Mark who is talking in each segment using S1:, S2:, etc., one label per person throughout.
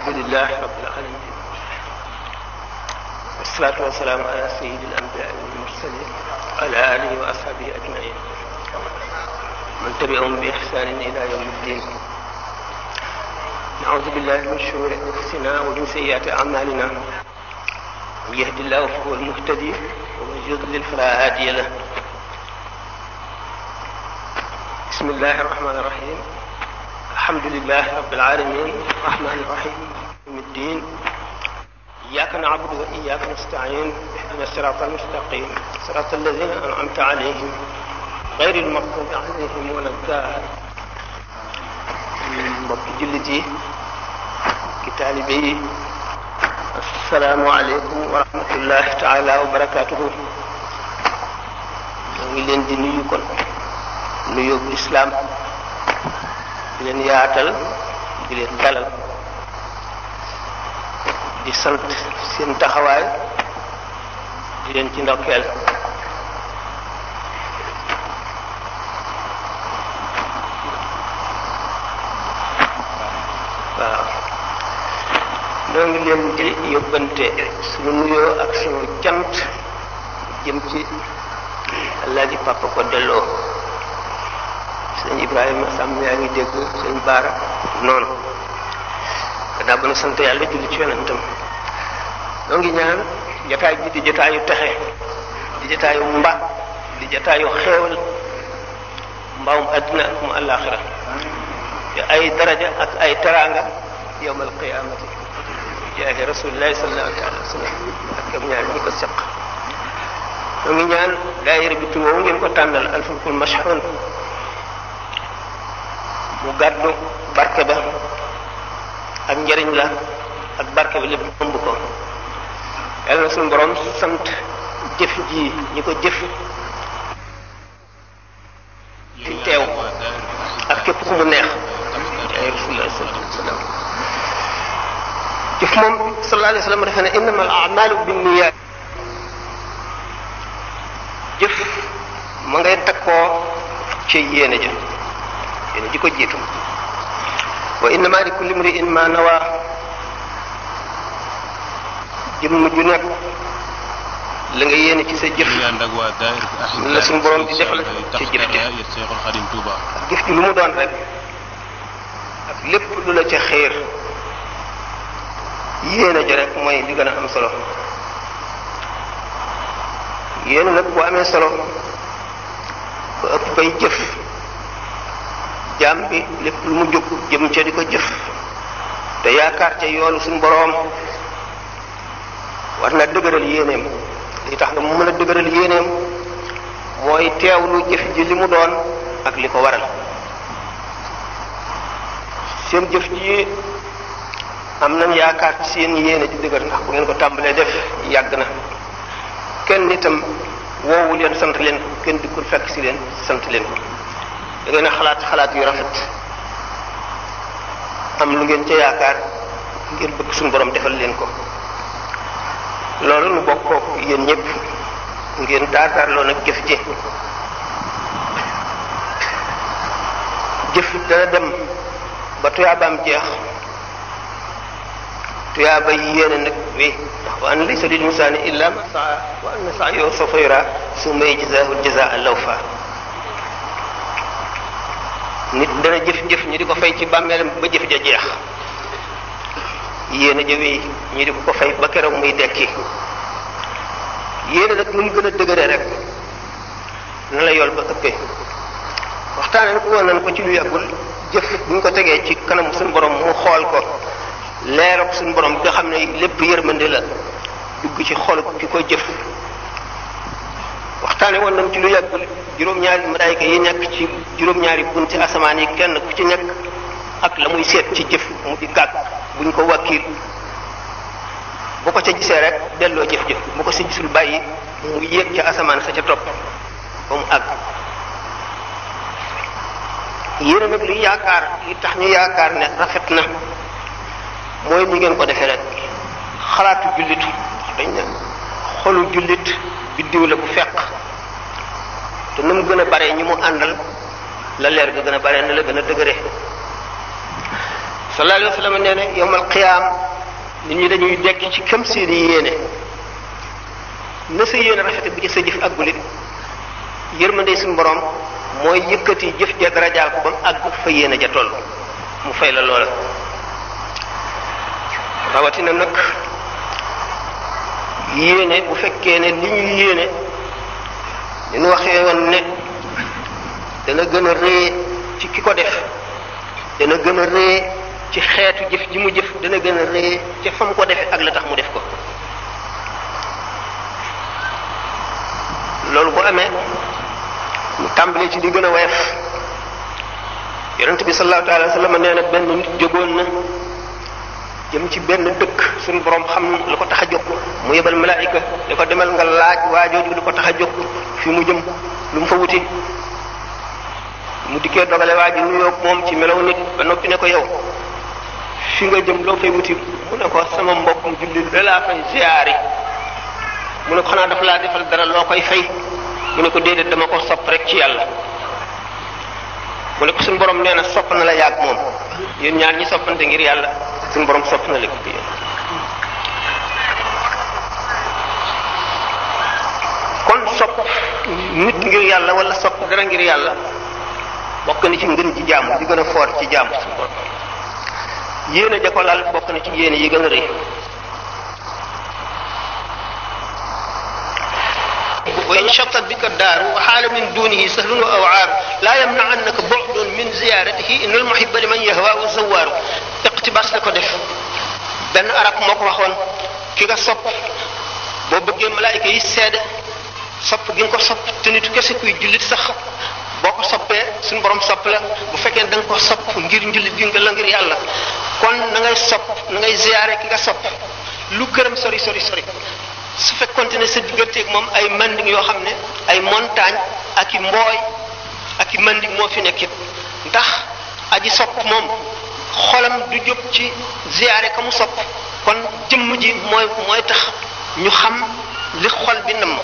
S1: alhamdulilahi rabbil alamin wasalaatu wasalaamu ala sayidi al anbiya wal mursalin wa ala alihi wa ashabihi ajmain man tabiahum bi ihsanin ila yawmi ddin naudu billahi min shururi anfusina wa min sayyiati amalina man yahdi llahu fahuwa almuhtadi wa man yudlil fala hadiya lah bismillahi rahmani rahim alhamdulilah rabbil alamin rahmani rahim yawmiddin iyyaka na'budu wa iyyaka nasta'in ihdina sirata almustaqim sirata alladhina an'amta alayhim ghayril maghdubi alayhim wala daalliin mm, mbokki jullit yi ki taalibe yi asalaamu aleykum wa rahmatullahi taala wa barakatuhu maa ngi leen di nuyu kon nuyoo bu islaam leen yaatal di leen dalal di sant seen taxawaay di leen ci ndokkeel waaw ñoo ngi leen di yóbbante suñu nuyoo ak suñu cant jëm ci Alaaji Papa ko delloo sëñ Ibrahima Samb yaa ngi dégg sëñ Baara noonu gannaaw ba na sant yàlla julli ci yonentam noo ngi ñaan jataay bi di jataayu texe di jataayu mba di jataayu xeewal mbawum àddina ak mu àllaaxira yu ay daraja ak ay teraanga yowmal qiyaamati jaahi rasulillahi sallallahu taala wa sallam ak kam ñaar ñi ko seq noo ngi ñaan daayira bi tuwoowu ngeen ko tànnal alfulkul mashhun mu gàddu barke ba ak njariñ la ak barke bi lépp ëmb ko yàlla na suñu borom sant jëf ji ñi ko jëf fi teew ak képp ku mu neex jëf moom sallallahu alayhi wa defe ne innama al amalu binniyat jëf ma ngay takkoo ci yéene ja ji ko jiitu wa innama li kulli mri'in ma nawaa jëmm ju nekk la nga yéene ci sa jëf di defal ci jëf lu mu doon rek ak lépp lu la ca xéer yéene ja rek mooy li gën a am solo yéene nag bu amee solo ba ëpp bay jëf jaam bi lépp lu mu jóg jëm ca di ko jëf te yaakaar ca yoonu suñu boroom war na dëgëral yéeneem li tax na mu mën a dëgëral yéeneem mooy teewlu jëf ji li mu doon ak li ko waral seen jëf ji am nañ yaakaar ci seen yéene ji dëgër ndax bu ngeen ko tàmbalee def yàgg na kenn itam woowu leen sant leen kenn dikkul fekk si leen sant leen da ngeen xalaat xalaat yu rafet am lu ngeen ca yaakaar ngeen bëgg suñu borom defal leen ko loolu nu bokkoo yéen ñëpp ngeen daar daarloo nag jëf ji jëf dana dem ba tuyaabaam jeex tuyaaba yéene nag wi ndax wa an laysa lil insaani illa ma saa wa anna sa'yahu sawfa yuraa summa yujzaahu al jazaa al awfaa nit dana jëf-jëf ñu di ko fay ci bàmmeelam ba jëf ja jeex yéen a jëwee ñu di ko ko ba keroog muy dekki yéen a nag nu mu gën a dëgëre rek na la yool ba ëppee waxtaanee ko woon nañ ko ci lu yàggul jëf bu ñu ko tegee ci kanam suñu borom mu xool ko leeroog suñu borom nga xam ne lépp yërmande la dugg ci xool ki ko jëf waxtaane woon ci lu yàggul juróom-ñaari malaayika yi nekk ci juróom-ñaari bunti asamaan yi kenn ku ci nekk ak la muy seet ci jëf mu di gàgg ñu ko wàkkil bu ko ca gisee rek delloo jëf jëf bu ko si gisul bàyyi mu yéeg ca asamaan sa ca topp ba mu àgg yéen nag li yaakaar li tax ñu yaakaar ne rafet na mooy ni ngeen ko defee rek xalaatu jullit dañ ne xolu jullit biddiw la bu fekk na nu mu gën a bare ñi mu àndal la leer bi gën a bare na la gën a dëgëre sallallahu alayhi wa sallam nee na yowmal qiyaam nit ñi dañuy dekk ci kam seeni yéene na sa yéene rafete bu ci sa jëf àggulit yërmande suñu mooy yëkkati jëf ja darajaal ko ba mu àgg fa yéene ja toll mu fay la loola rawatina nag yéene bu fekkee ne li ñuy yéene li nu waxee ne dana gën a rëy ci ki ko def dana gën a rëy ci xeetu jëf ji mu jëf dana gën a rëy ca fa mu ko defee ak la tax mu def ko loolu bu amee mu tàmbalee ci di gën a woyof yonent bi sallallahu alayhi wa sallam nee na benn nit jógoon na jëm ci benn dëkk suñu borom xam lu ko tax a jóg mu yebal malaayika da ko demal nga laaj waajooju lu ko tax a jóg fi mu jëm lu mu fa wuti mu dikkee dogale waa ji nuyoo moom ci melaw nit ba noppi ne ko yow fi nga jëm loo fay wuti mu ne ko sama mbokk mu jullit laa fay ziyaari mu ne ko xanaa dafa laa defal dara loo koy fay mu ne ko déedéet dama ko sopp rek ci yàlla mu ne ko suñu borom nee na sopp na la yàgg moom yéen ñaar ñi soppante ngir yàlla suñu borom sopp na la sopp nit ngir yàlla wala sopp dara ngir yàlla bokk na ci ngën ci jaamu di gën a ci jaamu yéene ja ko lal bokk na ci yéene yi gën a rëy wa in shattat bika daaru wa xaala min dunihi sahlun wa awaaru laa la ko def benn arab moo ko waxoon ki nga sopp boo bëggee malaayika yi seede sopp gi nga ko sopp te nit kese kuy jullit sax boo ko soppee suñu borom sopp la bu fekkee da nga ko sopp ngir njullit gi nga la ngir yàlla kon na ngay sopp na ngay ziyaare ki nga sopp lu këram sori sori sori su fekk continuer sa digganteeg moom ay manding yoo xam ne ay montagne ak i mbooy ak i manding moo fi nekk yëpp ndax aji sopp moom xolam du jóg ci ziyaare ka mu sopp kon jëmm ji mooy mooy tax ñu xam li xol bi nam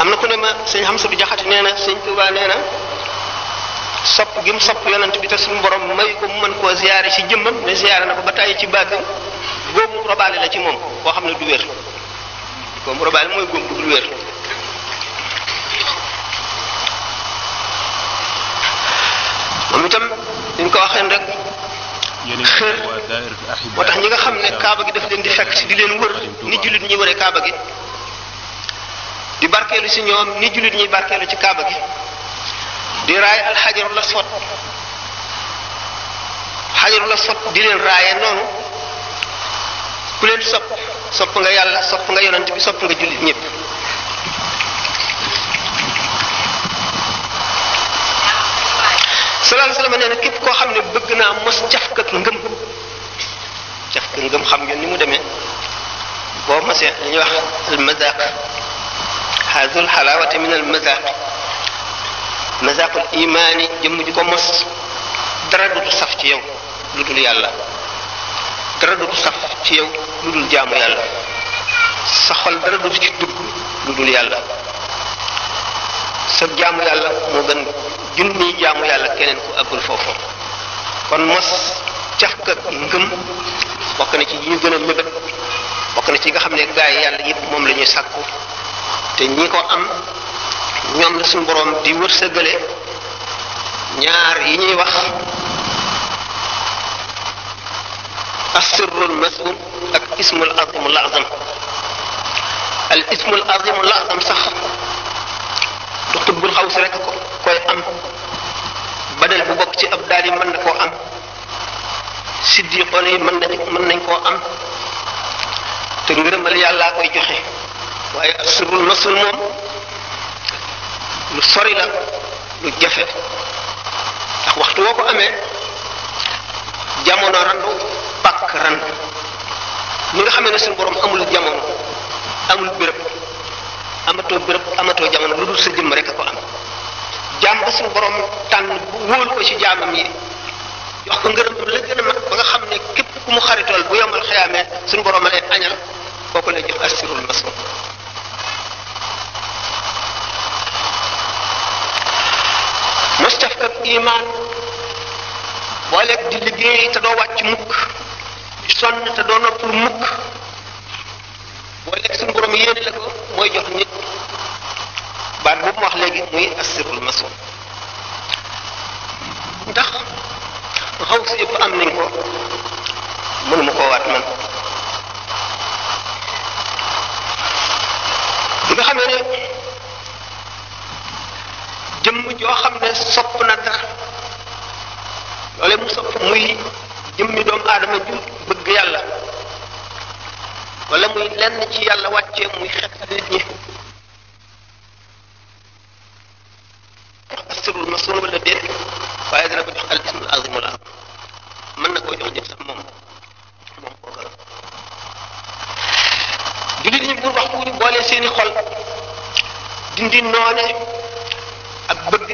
S1: am na ku ne ma sa Hamsatu Jaxate nee na sëñ Tuubaa nee na sopp gi mu sopp yonent bi te suñu borom may ko mu mën koo ziyaare ci jëmmam ne ziyaare na ko ba tàyyi ci baatam góomu robaale la ci moom koo xam ne du wér mooy góom bu dul moom itam ñu ko waxee rek xër moo tax ñi nga xam ne kaaba gi daf leen di fekk si di leen wër ni jullit ñi wëree kaaba gi di barkeelu ci ñoom ni jullit ñi barkeelu ci kaaba gi di raay al xajarul aswad xajarul aswad di leen raaye noonu ku leen sopp sopp nga yàlla sopp nga yonent bi sopp nga jullit ñépp salaam salaam nee na képp koo xam ne bëgg naa mos cafka ngëm cafka ngëm xam ngeen ni mu demee boo mosee li wax al haazul xalaawati min al mazaaqi mazaaqul imaani jëmm ji ko mos dara dutu saf ci yow lu dul yàlla dara dutu saf ci yow lu dul jaamu yàlla sa xol dara dutu ci dugg lu dul yàlla sa jaamu yàlla moo gën junni jaamu yàlla keneen ku àggul foofu kon mos caf ka ngëm bokk na ci yi ñu ci nga xam ne gaay yàlla yëpp moom la ñuy sàkku te ñi ko am ñoom la suñu borom di wërsëgale ñaar yi ñuy wax asirrul masul ak ismul azim lazam sax du xutbul xaw si rek ko koy am badal bu bokk ci ab daal yi mën na koo am siddiqoon yi mën nañ koo am te ngërëmal yàllaa koy joxe waaye ak surul masul moom lu sori la lu jafe ndax waxtu woo ko amee jamono randu pàkk randu ni nga xamee ne suñu borom amul jamono amul béréb amatoo béréb amatoo jamono lu dul sa jëmm rekk a ko am jaam ba suñu borom tànn wóol ko ci jaamam yi jox ko ngërëm la gën a mag nga xam ne képp ku mu xaritool bu yombal xëyaamee suñu borom a leen añal kooku lay jox asirul masul mustaf ak iman booleeg di liggéey te doo wàcc mukk di sonn te doo noppul mukk booleeg suñu borom yéene la ko jox nit baat bu mu wax léegi muy asirul mason ndax xaw si am nañ ko mënuma koo waat man jëmm joo xam ne sopp na dara loole mu sopp muy jëmmi doomu aadama ju bëgg yàlla wala muy lenn ci yàlla wàccee muy xet nit ñi asrul masum wala déet waaye koo jox seeni xol dindi noone ak bëgg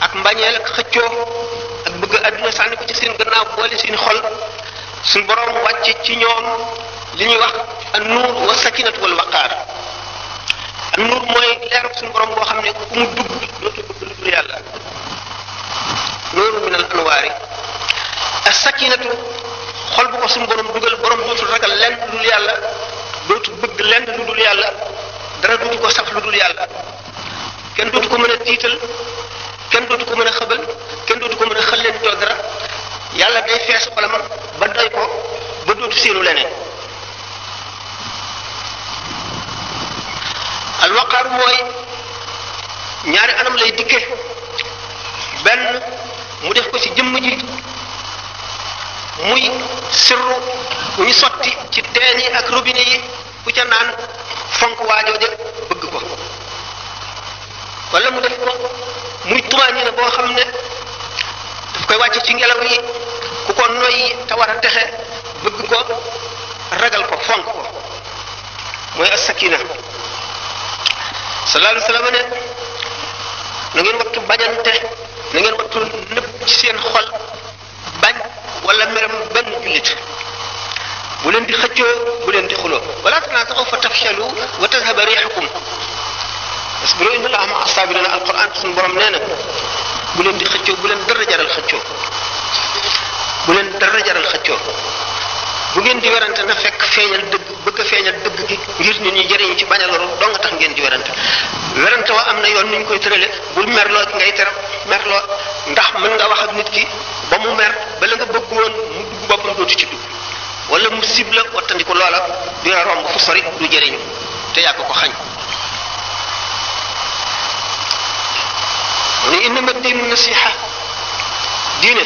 S1: ak mbañeel ak xëccoo ak bëgg àdduna sànni ko ci seen gannaaw boole seen xol suñ borom wàcce ci ñoom li ñuy wax an nuur wa sakinat wal waqaar an nuur mooy leer suñu borom boo xam ne ku mu dugg dootu bëgg lu dul yàlla nuur min borom dugal borom ragal lenn lu dul yàlla dootu bëgg lenn lu dul yàlla dara dootu ko saf lu dul yàlla kenn dootu ko mën a tiital kenn dootu ko mën a xëbal kenn dootu ko mën a xëlleen too dara yàlla day fees xolam ba doy ko ba dootu seenu leneen alwaqaar mooy ñaari anam lay dikke benn mu def ko ci jëmm ji muy sirru bu ñu sotti ci teen yi ak robinet yi ku ca naan fonk waajooje bëgg ko wala mu def ko muy tumaani na boo xam ne daf koy wàcce ci ngelaw yi ku ko noyyi te war a texe bëgg ko ragal ko fonk ko mooy as-sakina sallallahu alayhi wasallam ne na ngeen wattu bañante na ngeen wattu nëpp seen xol bañ wala meram benn jullit bu leen di xëccoo bu leen di xuloo wala tanaasaxu fa tafshalu wa tadhaba riixukum wasbiru inna allaha ma'a saabiriin alquran suñu borom nee na bu leen di xëccoo bu leen dara jaral xëccoo bu leen dara jaral xëccoo bu ngeen di werante na fekk feeñal dëgg bëgg feeñal dëgg gi ngir nit ñi jëriñ ci bañ a loru doo nga tax ngeen di werante werante wa am na yoon ni ñu koy tërale bul merloo ki ngay terab merloo ndax mën nga wax ak nit ki ba mu mer ba nga bëgg woon mu dugg boppam ci dugg wala mu sib la wattandiku loola dina romb fu sori du jëriñu ko ko ne innama daynu nasiha diine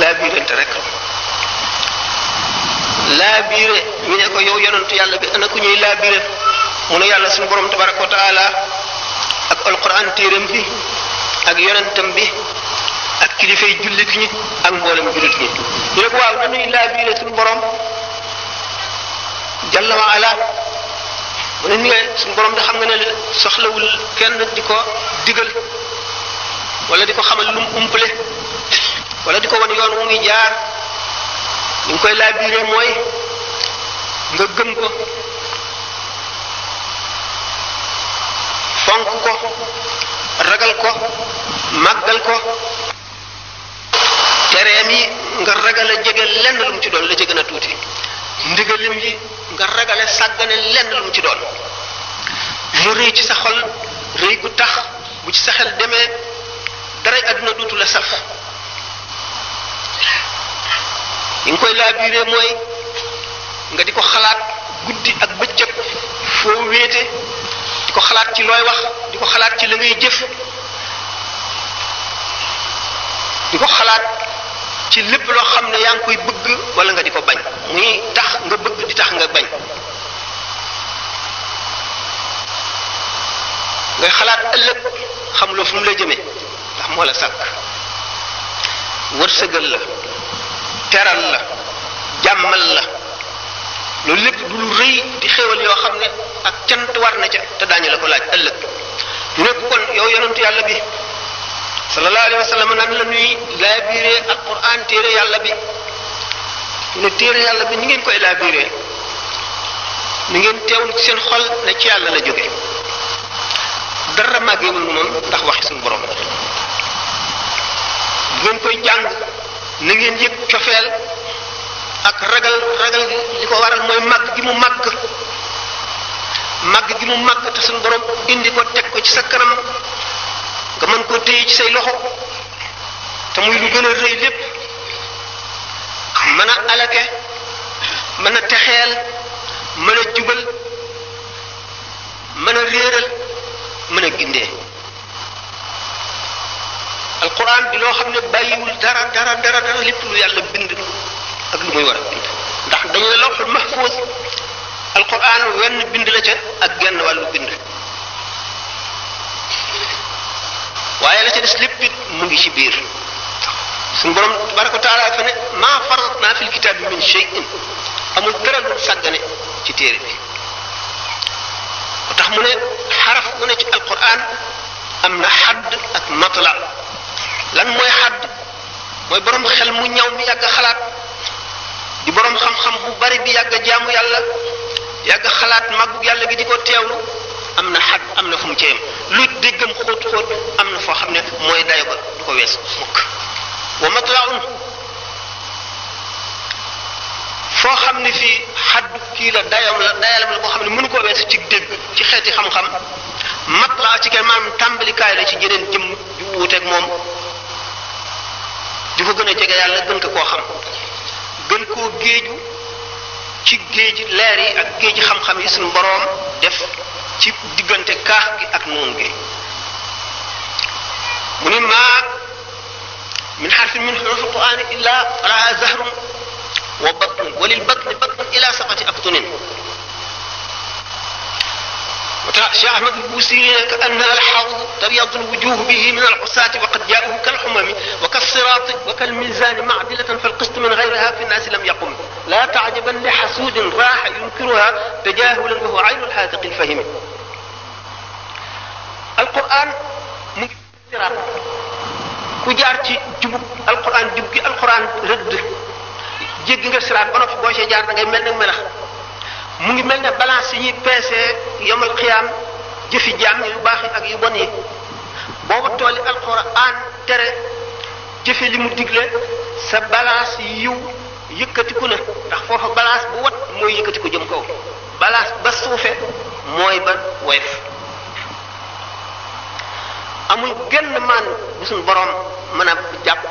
S1: laa rek laa biire ne ko yow yonentu yàlla bi ana ku ñuy laa biire mu ne yàlla suñu borom tabaraka wa taala ak alquran téeram bi ak yonentam bi ak kilifay jullit ñi ak mboolem jullit ñi ñu ne waaw nanuy laa biire suñu borom jalla wa mu ne ñëwee suñu borom bi xam nga ne soxlawul kenn di ko digal wala di ko xamal lu mu umpale wala di ko wan yoon wu muy jaar li nga koy laabiré mooy nga gëm ko fonk ko ragal ko màggal ko tereem yi nga ragal a jege lenn lu ci doon la ci gën a tuuti ndigalim yi nga ragale sàggane lenn lu ci doon lu rëy ci sa xol rëy gu tax bu ci sa xel demee daray àdduna duutu la saf yi nga koy laabiire mooy nga di ko xalaat guddi ak bëccëg foo wéete di ko xalaat ci looy wax di ko xalaat ci la ngay jëf di ko xalaat ci lépp loo xam ne yaa ngi koy bëgg wala nga di ko bañ muy tax nga bëgg di tax nga bañ ngay xalaat ëllëg xam loo mu la jëmee ndax moo la sàkk wërsëgal la teral la jàmmal la loolu lépp du lu rëy di xéewal yoo xam ne ak cant war na ca te daañu la ko laaj ëllëg ñu nekk kon yow yonentu yàlla bi sallallahu alayhi wa sallam nan la ñuy laabiree alquran téere yàlla bi ne téere yàlla bi ñu ngeen koy laabiree ni ngeen teewul ci seen xol ne ci yàlla la jóge dara màggewul moom ndax waxi suñu borom bu ngeen koy jàng na ngeen yëg cofeel ak ragal ragal li ko waral mooy màgg gi mu màgg màgg gi mu màgg te suñu borom indi ko teg ko ci sa kanam nga mën koo téye ci say loxo te muy lu gën a rëy lépp mën a alake mën a texeel mën a jubal mën a réeral mën a gindee alquran bi loo xam ne bàyyiwul dara dara dara dara lépp lu yàlla bind ak lu muy war a bind ndax dañu ne lawxul mahfuz alquran wenn bind la ca ak genn wàllu bind waaye la ca des lépp mu ngi ci biir suñu borom tabaraka taala bi min shay'in sàggane ci téere bi tax mu ne xaraf mu ci alquran am lan mooy xadd mooy borom xel mu ñaw mi yàgg xalaat di borom xam-xam bu bari bi yàgg jaamu yàlla yàgg xalaat màggu yàlla gi di ko teewlu am na xat am na fu mu ceem lu déggam xóot xóot am na foo xam ne mooy dayo ba du ko wees mukk wa matlaun foo xam ne fii xaddu kii la dayam la dayalam la boo xam ne mënu koo weesu ci dégg ci xeeti xam-xam mat laa ci kenn maanaam tàmbalikaay la ci jeneen jëmm ju wuuteeg moom di ko gën a jege yàlla gën koo xam gën koo géeju ci géej leer yi ak géeji xam-xam yi suñu boroom def ci diggante kaax gi ak noon gi mu ni maa min xarfin min xurufi quraan illa laha zahrun wa batn wa lil batni batn ila sabati abtunin وشيخ أحمد البوسيري كأنها الحوض تبيض الوجوه به من العصاة وقد جاءهم كالحمم وكالصراط وكالميزان معدلة فالقسط من غيرها في الناس لم يقم لا تعجبا لحسود راح ينكرها تجاهلا وهو عين الحاذق الفهم القرآن مجرد ku jaar ci jubug alquran jub gi alquran rëdd jéggi nga siraat ba noppi boo see jaar da ngay mel ne melax mu ngi mel ne balance yi ñuy peesee yomal xiyaam jëfi jaam yu baax yi ak yu bon yi booba tooli alxuraan tere jëfe li mu digle sa balance yiw yëkkatiku na ndax foofa balance bu wat mooy yëkkatiku jëm kaw balance ba suufe mooy ba woyof amul gën man bu suñu boroom mën a jàpp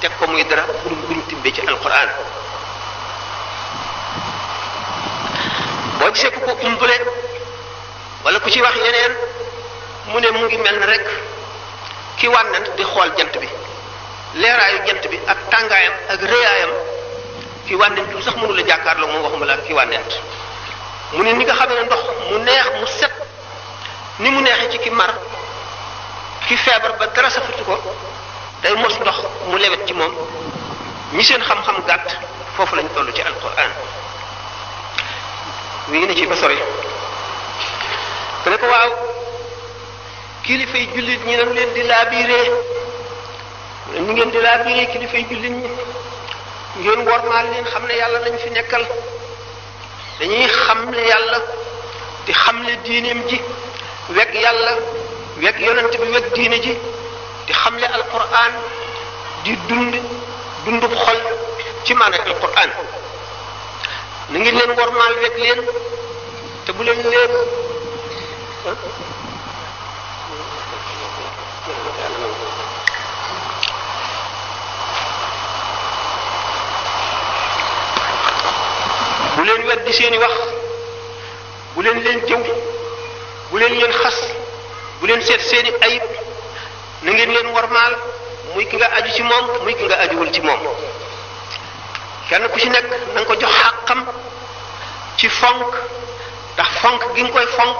S1: teg ko muy dara pour dul buñ tibbee ci alxuraan boo gisee ku ko umbale wala ku ci wax yeneen mu ne mu ngi mel ne rek ki wànnant di xool jant bi leeraayu jant bi ak tàngaayam ak réyaayam ki wànnantul sax mënu la jàkkaarloo moom waxuma la ki wànnant mu ne ni nga xam ne ndox mu neex mu set ni mu neexee ci ki mar ki feebar ba dara safatu ko day mos ndox mu lewet ci moom ñi seen xam-xam gàtt foofu lañ toll ci alquran wéy na ci ba sori mu ne ko waaw kilifay jullit ñi nag leen di laabiree kilifay jullit ñi ngeen wormaal leen xam ne yàlla dañ fi nekkal
S2: dañuy xam ne yàlla
S1: di xam ne diineem ji weg yàlla weg yonent bi weg diine ji di xam ne alquran di dund dundub xol ci maanaam alquran na ngeen leen wormaal rek leen te bu leen leen bu seeni wax bu leen leen jëw bu leen leen xas bu leen seet seeni ayib na ngeen leen war wormaal muy ki nga aju ci moom muy ki nga ajuwul ci moom kenn ku ci nekk na ko jox xàqam ci fonk ndax fonk gi nga koy fonk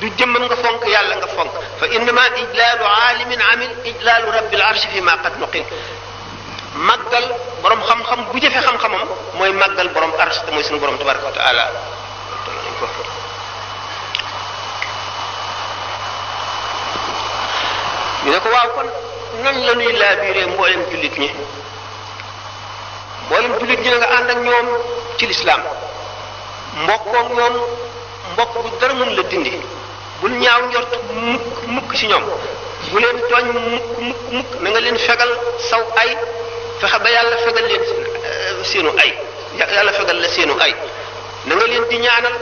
S1: du jëmmam nga fonk yàlla nga fonk fa innama ijlaalu aalimin amil ijlaalu rabbil arshi fi borom xam-xam bu jëfe xam-xamam mooy màggal borom arsh te mooy suñu borom tabaraka wa taala ñu ne ko waaw kon nan la ñuy laabiree mboolem jullit ñi mboolem jullit ñi nga ànd ak ñoom ci lislaam mbokkook ñoom mbokk bu dara la dindi bul ñaaw njort mukk mukk ci ñoom bu leen tooñ mukk mukk mukk na nga leen fegal saw ay fexe ba yàlla fegal leen euh, seenu ay yàlla fegal la seenu ay na leen di ñaanal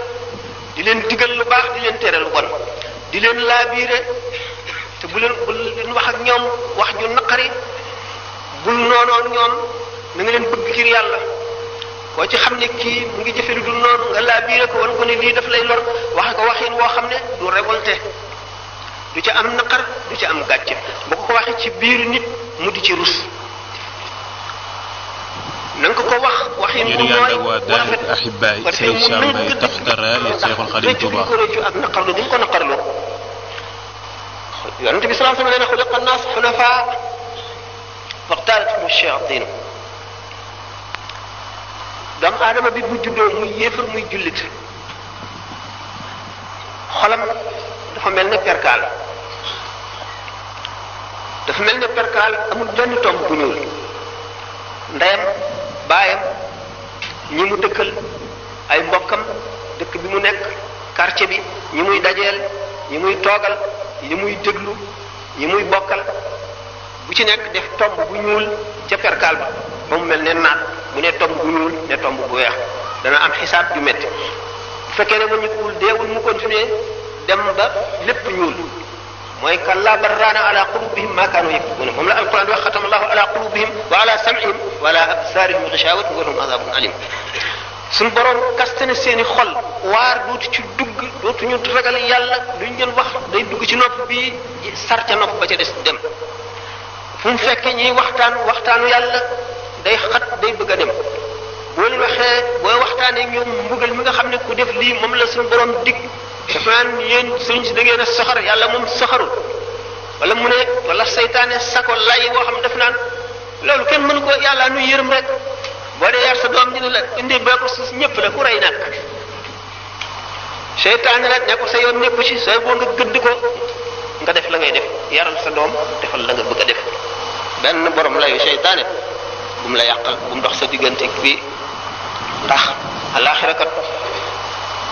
S1: di leen digal lu baax di leen tere lu bon di leen laabiire te bu leen bu leen wax ak ñoom wax ju naqari bul noonoon ñoom na nga leen bëgg ngir yàlla koo ci xam ne kii mu ngi jëfe lu dul noonu nga wan ko ne lii def lay lor waxe ko waxin woo xam ne du révolté du ca am naqar du ca am gàcce boo ko ko ci biir nit mu di ci rus ko ko wax waxin bu nooy bu rafet parce que mu mën nga dëgg ndax ko réccu naqar lu duñ ko naqarloo yonente bi salaam sama nee na xuliqa annaas xunafaa waxtaarat humu shayatin doomu aadama bi bu juddoo muy yéefar muy jullit xolam dafa mel ne perkaal dafa mel ne perkaal amul benn tomb bu ñuul ndeyam baayam ñi mu dëkkal ay mbokkam dëkk bi mu nekk quartier bi ñi muy dajeel ñi muy toogal ñi muy déglu ñi muy bokkal bu ci nekk def tomb bu ñuul ca perkaal ba ba mu mel ne naat mu ne tomb bu ñuul ne tomb bu weex dana am xisaab ju métti bu fekkee ne wëññikuwul deewul mu continuer dem ba lépp ñuul mooy kallaa bal raana ala qulubihim ma kaanu yaktubuun moom la alquran wax xatama allahu ala qulubihim wa ala sam'ihim wa ala absaarihim gishaawatun wa lahum azaabun aliim suñ borom kaste ne seen i xol waar dootu ci dugg dootuñu ragal yàlla duñ leen wax day dugg ci nopp bi sar ca nopp ba ca des dem fu mu fekkee ñuy waxtaan waxtaanu yàlla day xat day bëgg a dem boo leen waxee boo waxtaanee ñoom mbugal mi nga xam ne ku def lii moom la suñu borom dig dafa naan yéen sëriñ si da ngeen a soxor yàlla moom soxorul wala mu ne wala seytaane sako lay boo xam def naan loolu kenn mën ko yàlla nu yërëm rek boo dee yar sa doom dina la indi ba ko si ñëpp la ku rey nag seytaane la ne ko sa yoon ñëpp ci sooy boo nga gënd ko nga def la ngay def yaral sa doom defal la nga bëgg a def benn borom layu seytaane bu la yàqal bu mu sa diggante bi ndax alaaxira kat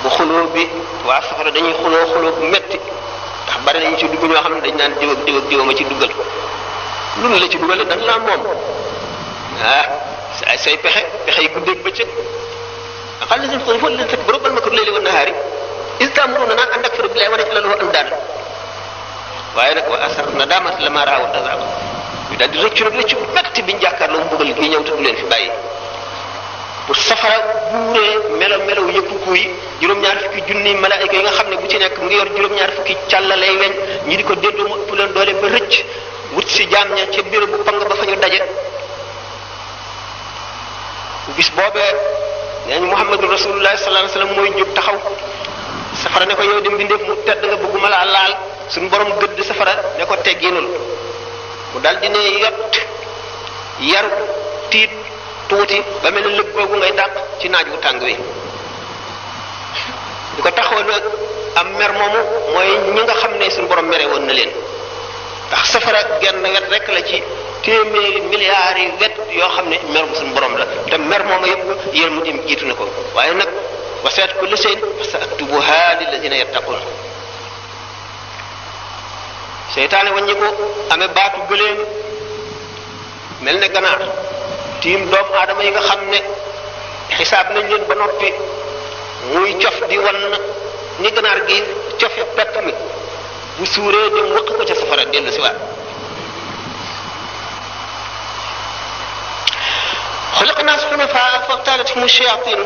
S1: bu xuloo bi waa safara dañuy xuloo xuloo bu metti ndax bari nañu ci dugg ñoo xam ne dañ naan diw ak diw ak ci duggal lu la ci duggale dañ laa ah, say pexe pexe yi guddeeg bëccëg xal nasin ko foofu ak fir bi lay wane ci la loo am waaye nag wa na daamat la daal di rëccu rek rëccu metti biñ jàkkaarloo mbugal gi ñëw te du leen fi bàyyi bu safara buuree melaw melaw yëpp kuy juróom-ñaar fukki junni malaayka yi nga xam ne bu ci nekk mu ngi yor juróom-ñaar fukki càlla lay weñ ñi di ko déddoo mu ëpp leen doole ba rëcc wut si jaam ña ca biir bu pang ba fa ñu daje bis boobee nee ñu muhammadu rasulullah sallallahu alayhi mooy ñu taxaw safara ne ko yow di mbindeef mu tedd nga bëgguma laa laal suñu borom gëdd safara ne ko tegginul mu dal dina yott yar tiit tuuti ba mel ne lëg googu ngay dàq ci naaj wu tàng wi li ko taxoon am mer moomu mooy ñi nga xam ne suñu borom mere woon na leen ndax safara genn wet rek la ci téeméeri milliards yi wet yoo xam ne merum suñu borom la te mer moomu yëpp yéen mu jiitu na ko waaye nag wasaat kulli shay'in fasaktubuha lilladhina yattaqun seytaane waññi ko amee baatu gëléem mel ne ganaar tiim doomu aadama yi nga xam ne xisaab nañ leen ba noppi muy cof di wan ni ganaar gi cofe pepp mi bu suuree dem wëq ko ca safara dellu si waat xulaqnaa xunafa fa taalat humu shayatin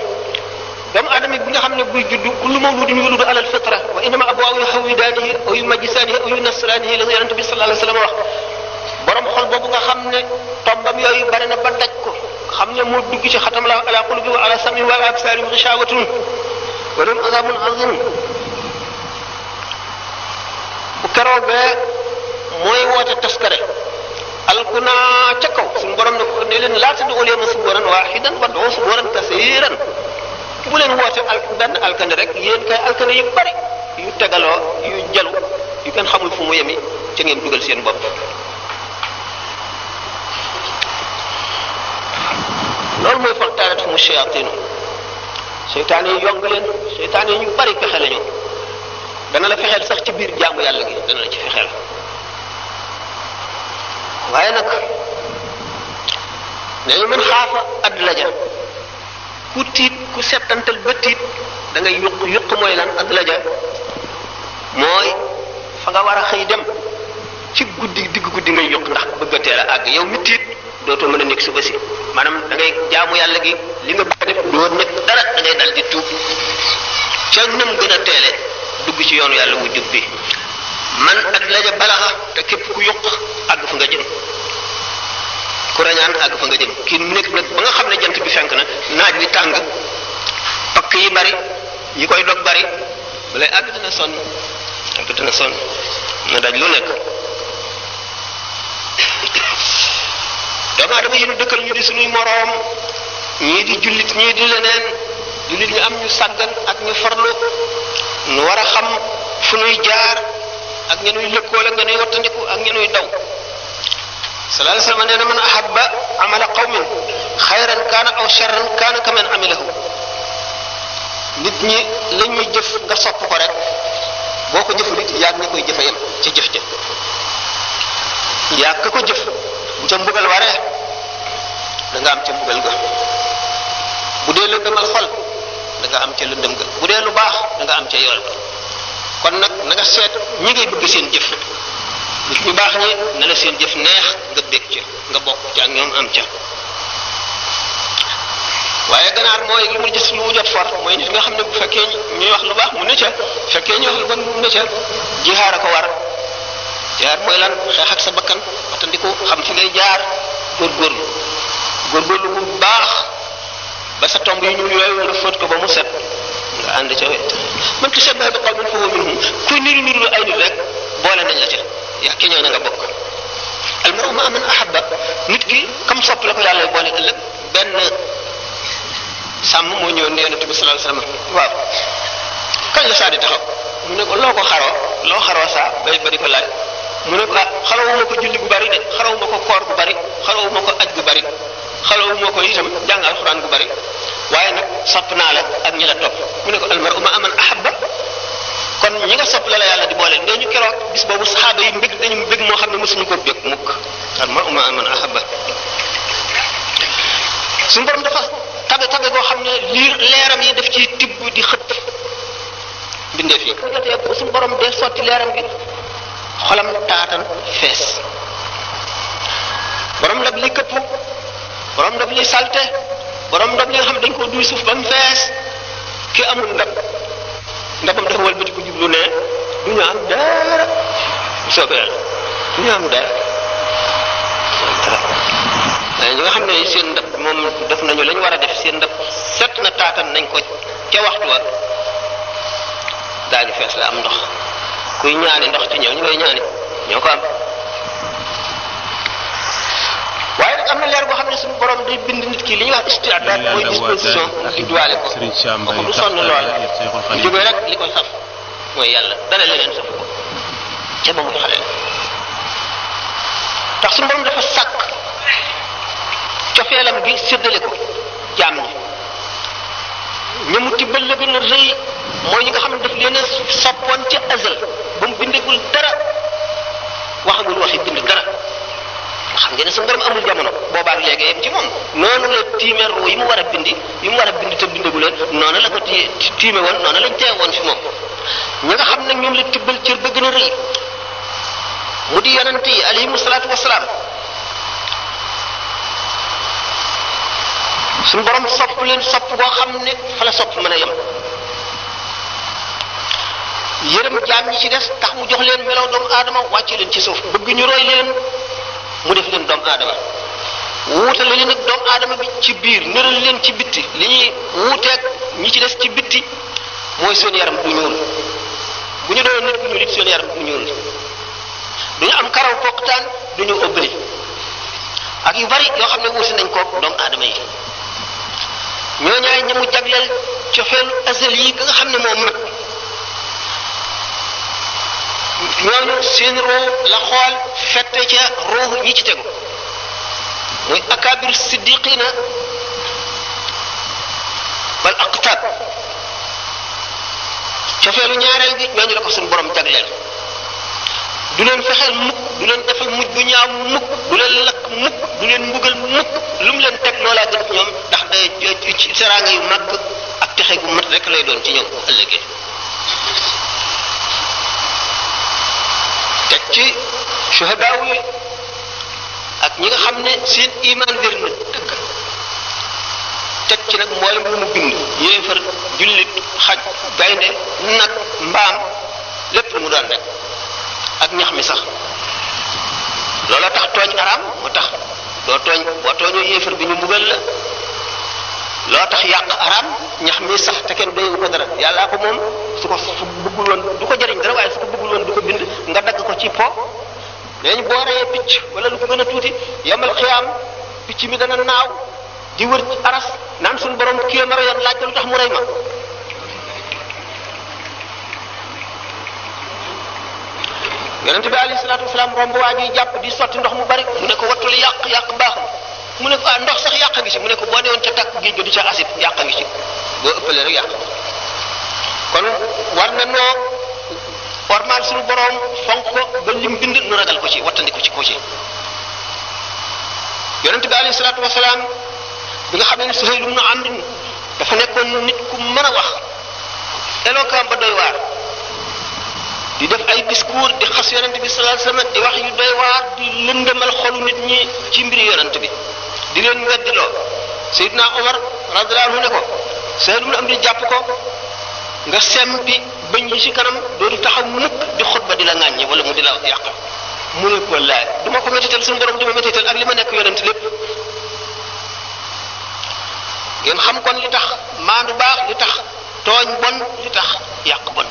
S1: doomu aadama bi nga xam ne buy juddu kullu mawludin yuludu alal fitra wa innama abawaahu yuhawwidaanihi aw yumajjisaanihi aw yunasiraanihi la yonent bi sallallahu alayhi wa sallam borom xol boobu xam ne tombam yooyu bare na ba ko xam ne moo dugg ci xatam la ala qulubi wa ala sami wa ala absaari ghishawatun wa lahum azabun azim bu keroog bee mooy woote taskare alkuna ca laa bu leen woote al benn alkande rek yéen kay alkande yu bari yu tegaloo yu jalu yu kenn xamul fu mu yemi ci ngeen dugal seen bopp loolu mooy faxtaanet fu mu shayatinu seytaan yi yong leen seytaan ñu bari pexe lañu dana la fexeel sax ci biir jaamu yàlla gi dana la ci fexeel waaye nag nee ñu mën xaafa add laja ku tiit ku settantal ba tiit da ngay yuq yuq mooy lan ak laja mooy fa nga war a xëy dem ci guddi digg guddi ngay yuq ndax bëgg a teel àgg yow mi tiit dootoo mën a nekk suba si maanaam da ngay jaamu yàlla gi li nga bëgg a def doo nekk dara da dal di tuub ca nam gën a teele dugg ci yoonu yàlla wu jub bi man ak laja balaxa te képp ku yuq àgg fa nga jëm ku rañaan àgg fa nga jëm kii mu nag ba nga xam ne jant bi fenk na naaj wi tàng mbokk yi bari yi koy dog bari bu lay àgg dina sonn na daj lu nekk doomu aadama yi nu dëkkal ñu di suñuy moroom ñii di jullit ñii di leneen jullit ñu am ñu sàggan ak ñu farlu ñu war a xam fu nuy jaar ak ña nuy lëkkool ak ña nuy wattandiku ak ña nuy daw sallallahu alayhi wa sallam nee na man ahabba amala qawmin xayran aw charran kaana kaman amilahu nit ñi la ñuy jëf nga sopp ko rek boo ko jëful it yaa ngi koy jëfe yem ci jëf ja yaa ka ko jëf bu ca mbugal waree da nga am ca mbugal ga bu dee lëndëmal xol da nga am ca lëndëm ga bu dee lu baax da nga am ca yool kon nag na nga seet ñi ngay bëgg seen jëf nit ñu baax ñi na la seen jëf neex nga bég ca nga bokk ca ak ñoom am ca waaye ganaar mooy lu mu gis lu mu jot for mooy nit nga xam ne bu fekkee ñuy wax lu baax mu ne ca bu fekkee ñuy wax lu ba mu ne ca ko war jihaar mooy lan xeex ak sa bakkan watandiku xam fi ngay jaar góorgóorlu góorgóorlu bu baax ba sa tomb yu ñuul nga fóot ko mu set nga ànd ca wet man ki shabbaha bi qawmin fa huwa minhum kuy niru niru lu ay nit rek boole nañ la yaa ki ñoo ña nga bokk almaru ma man ahabba nit ki kam sopp la ko yàlla boole ëllëg benn sàmm moo ñëwoon ne yonent bi sallallahu alayhi wasallam waaw kañ la saa di taxaw mu ne ko loo ko xaroo loo xaroo saa ba bari ko laaj mu ne ko ah xarawuma ko julli gu bari de xarawuma ko koor gu bari xarawuma ko aj gu bari xarawuma ko itam jàng alxuraan gu bari waaye nag sopp naa la ak ñi la topp mu ne ko almaru ma aman ahabba kon ñi nga sopp la la yàlla di boole ndee ñu keroog bis boobu saxaaba yi mbég dañu mbég moo xam ne mosuñu ko bég mukk almaru ma aman ahabba suñu borom dafa tabe tabe goo xam ne lii leeram yi daf ciy tibb di xëtt bindee fii bu jotee borom dee sotti leeram gi xolam taatan fees borom ndab li këpp borom ndab li salte borom ndab li nga xam dañ koo duy suuf ba mu fees ki amul ndab ndabam dafa wëlbati ko jublu ne du ñu am dara bu soobee du ñu am dara. moom def nañu lañu war a def seen ndab set na taatam nañ ko ca waxtu wa daal di fees la am ndox kuy ñaani ndox ci ñëw ñu koy ñaani ñoo ko am waaye am na leer boo xam ne suñu borom day bind nit kii li ñuy wax istiadaat mooy disposition di duwaale ko kooku du sonn loola bu jógee rek li koy saf mooy yàlla dara leneen saf ko ca ba muy xale tax suñu borom dafa sàkk cofeelam gi séddale ko jaam ñi ñi mu tibbal la gën a rëy mooy ñi nga xam ne daf leen a ci ca azal ba mu bindagul dara waxagul waxi bind dara xam ngeen ne sa borom amul jamono boobaak léegi yem ci moom noonu la tiime ruu yi mu war a bindi yi mu bindi a bind te bindagu leen noonu la ko tiime lañ tee woon fi moom ñi nga xam na ñoom la tibbal cër ba gën a rëy mu di yonante yi alayhimu salaatu wasalaam suñu borom sopp leen sopp boo xam ne fa la sopp mën a yem yërëm jaam ñi ci des tax mu jox leen melaw doomu aadama wàcce leen ci suuf bëgg ñu roy leen mu def leen doomu adama wuutale leen ak doomu aadama bi ci biir nëral leen ci bitti li ñuy wuuteeg ñi ci des ci bitti mooy seen yaram bu ñuul bu ñu doon nit ku ñuul it seen yaram bu ñuul du ñu am karaw poqtaan du ñu ëbbali ak yu bari yoo xam ne wuute nañ ko doomu adama yi ñoo ñaay ñi mu jagleel cofeelu asal yi nga xam ne moom nag ñooñu seen roo la xool fette ca roohu ñi ci tegu muy akabir siddiqina bal aqtab cofeelu ñaareel gi ñooñu la ko suñu borom jagleel du leen fexeel mukk du leen defal mujj bu ñaaw mukk du leen mukk du leen mbugal mukk lu mu leen teg loolaa gën ci ñoom ndax ci seraanga yu mag ak texe gu mat rek lay doon ci ñoom ëllëgee teg ci suhadaaw yi ak ñi nga xam ne seen iman wér na dëgg teg ci nag mboolem lu mu bind yéefar jullit xaj gaynde nag mbaam lépp mu doon rek ak ñax mi sax looloo tax tooñ araam moo tax loo tooñ boo tooñoo yéefar bi ñu mbugal la loo tax yàq araam ñax mi sax te kenn doyewu ko dara yàllaa ko moom su ko su bëggul woon du ko jëriñ dara waaye su ko bëggul woon du ko bind nga dagg ko ci po nee ñu boo reyee picc wala lu ko gën a tuuti yamal xiyaam picc mi dana naaw di wër aras naan suñu borom kii la ma reyoon laaj ko lu tax mu rey ma yonente bi alayhi salaatu wasalaam romb waa juy jàpp di sotti ndox mu bari mu ne ko wattul yàq yàq baaxul mu ne ko ah, ndox sax yàq ngi ci mu ne ko boo newoon ca takk géej di ca acide yàq ngi ci boo ëppale rek yàq kon na noo ormaal suñu borom fonk ko ba lim bind nu ragal ko ci wattandiku ci ko ci yonente bi alayhi salaatu wasalaam bi nga xam ne Suhayl ibn Amr dafa nekkoon nit ku mën a wax éloquent ba doy waar di def ay discours di xas yonent bi sallallahu alayhi wasallam di wax yu doy waar di lëndëmal xolu nit ñi ci mbiri yonent bi di leen weddiloo Seydina Omar radiyallahu anhu ne ko seetlul am di jàpp ko nga sempi bëñ yi ci kanam dootu taxaw mukk di xutba di la ŋàññi wala mu di la yàq mu ne ko laaj du ma ko métital suñu borom du ma ak li ma nekk yonent lépp ngeen xam kon li tax maandu baax li tax tooñ bon li tax yàq bon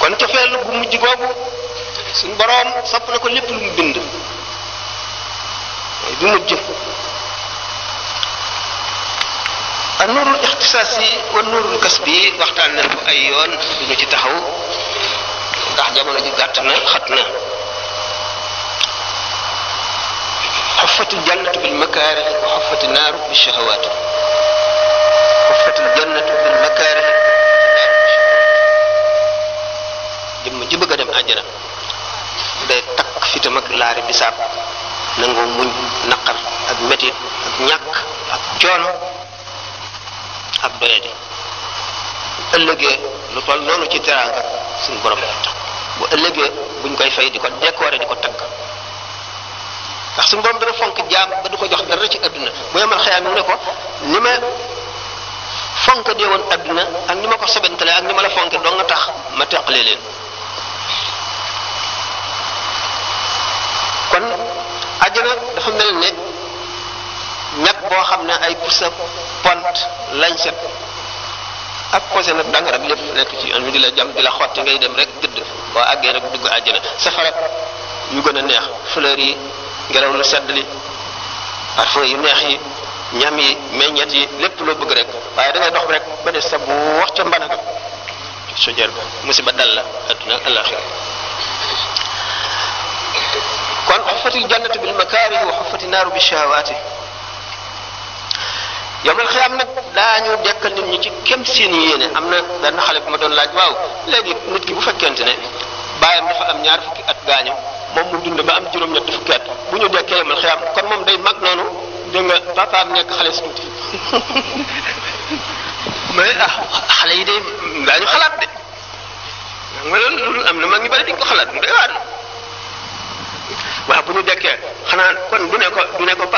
S1: kon cofeel gu mujj googu suñ boroom sopp na ko lépp lu mu bind mooy bi mujj ak nuurul ixtisaas yi nuurul kas bi waxtaan nañ ko ay yoon duñu ci taxaw ndax jamono ji gàtt na xat na xuffatul jannatu bil makaari wa xuffati naaru bi shahawaat xuffatul jannatu bil makaari jëmm ji bëgg a dem àjjana day takk fitam ak laari bisaab nangoo muñ naqar ak metit ak ñàkk ak coono ak doyadi ëllëgee lu toll noonu ci teraanga suñ borom bu ëllëgee buñ koy fay di ko décorer di ko tagg ndax suñu borom dana fonk jaam ba du ko jox dara ci adduna bu yemal xëyaam mu ne ko ni ma fonk dee woon adduna ak ni ma ko sobentale ak ni ma la fonke doo nga tax ma teqale leen kon àjjana dafa mel ne nag boo xam ne ay pusa pont lañ set ak posé nag dangarab lépp nekk ci yoon wi di la jam di la xotti ngay dem rek gëdd boo àggee nag dugg àjjana safara yu gën a neex fleur yi ngelaw lu sedd li parfum yu neex yi ñam yi meññeet yi lépp loo bëgg rek waaye da ngay dox rek ba ne sa bu wax ca mbana ga su jar musiba dal la adduna ak àllaaxira kon xuffatil jannatu bil makaarihi wa xuffati naaru bi shahawaati yowmal xiyaam nag daañu dekkal nit ci kem seen am na benn xale bu ma doon laaj waaw léegi nit ki bu fekkente ne baayam dafa am ñaar fukki at gaañu moom mu dund ba am juróom-ñett fukki at bu ñu dekkee yowmal xiyaam kon moom day mag noonu dégg nga papaam nekk xale si tuuti ah xale yi day daañu xalaat de xam loolu am na mag ñu bari dañ ko xalaat mu day waar waaw bu ñu dekkee xanaa kon du ne ko du ne ko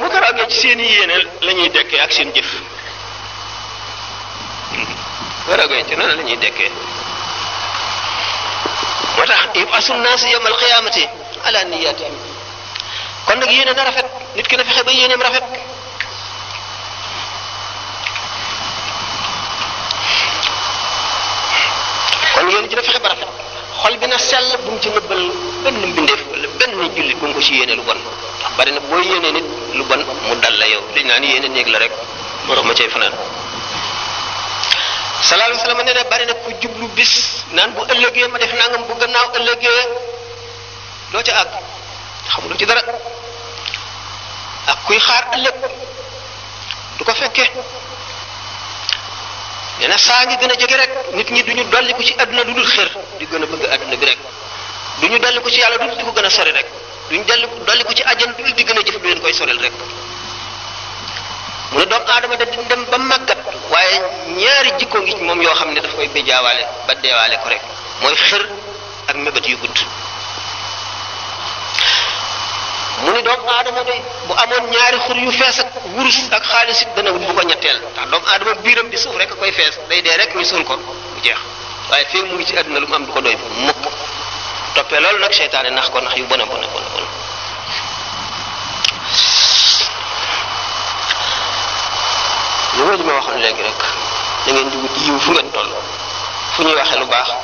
S1: bu karaagee ci seen i yéene la dekkee ak seen jëf karaagee ci nan la ñuy dekkee moo tax yubasu naas yawmal qiyaamati ala niyaatihim kon nag yéene na rafet nit ki na fexe ba yéeneem rafet. kon yéen ci na fexe ba rafet xol bi na sell bu mu ci nëbbal benn mbindeef wala benn jullit bu mu ko ci yéene lu bon ndax bari na boo yéenee nit lu bon mu dal la yow liñ naan yéene néeg la rek moo ma cay fanaan sallallahu alayhi wa sallam nee na bari na ku jublu bis naan bu ëllëgee ma def nangam bu gannaaw ëllëgee loo ci àgg xamuloo ci dara ak kuy xaar ëllëg du ko fekkee dana saa ngi gën a jege rek nit ñi duñu dolli ko ci àdduna du dul xër di gën a bëgg àdduna bi rek duñu dolli ko ci yàlla dul di ko gën a sori rek duñu dolli dolli ko ci àjjan dul di gën a jëf lu leen koy soril rek mu ne doomu aadama da dem ba màggat waaye ñaari jikko ngi moom yoo xam ne daf koy béjaawaale ba deewaale ko rek mooy xër ak mébét yu gudd mu ni doomu aadama de bu amoon ñaari xur yu fees ak wurus ak xaalis it dana wut bu ko ñetteel ndax doomu aadama biiram bi suuf rek koy fees day dee rek ñu suul ko bu jeex waaye fii mu ngi ci àdduna lu mu am du ko doy mukk toppee loolu nag seytaane nax ko yu bon a bon a bon bon loolu waxoon léegi rek da ngeen di yiw fu ngeen toll fu ñuy waxee lu baax ak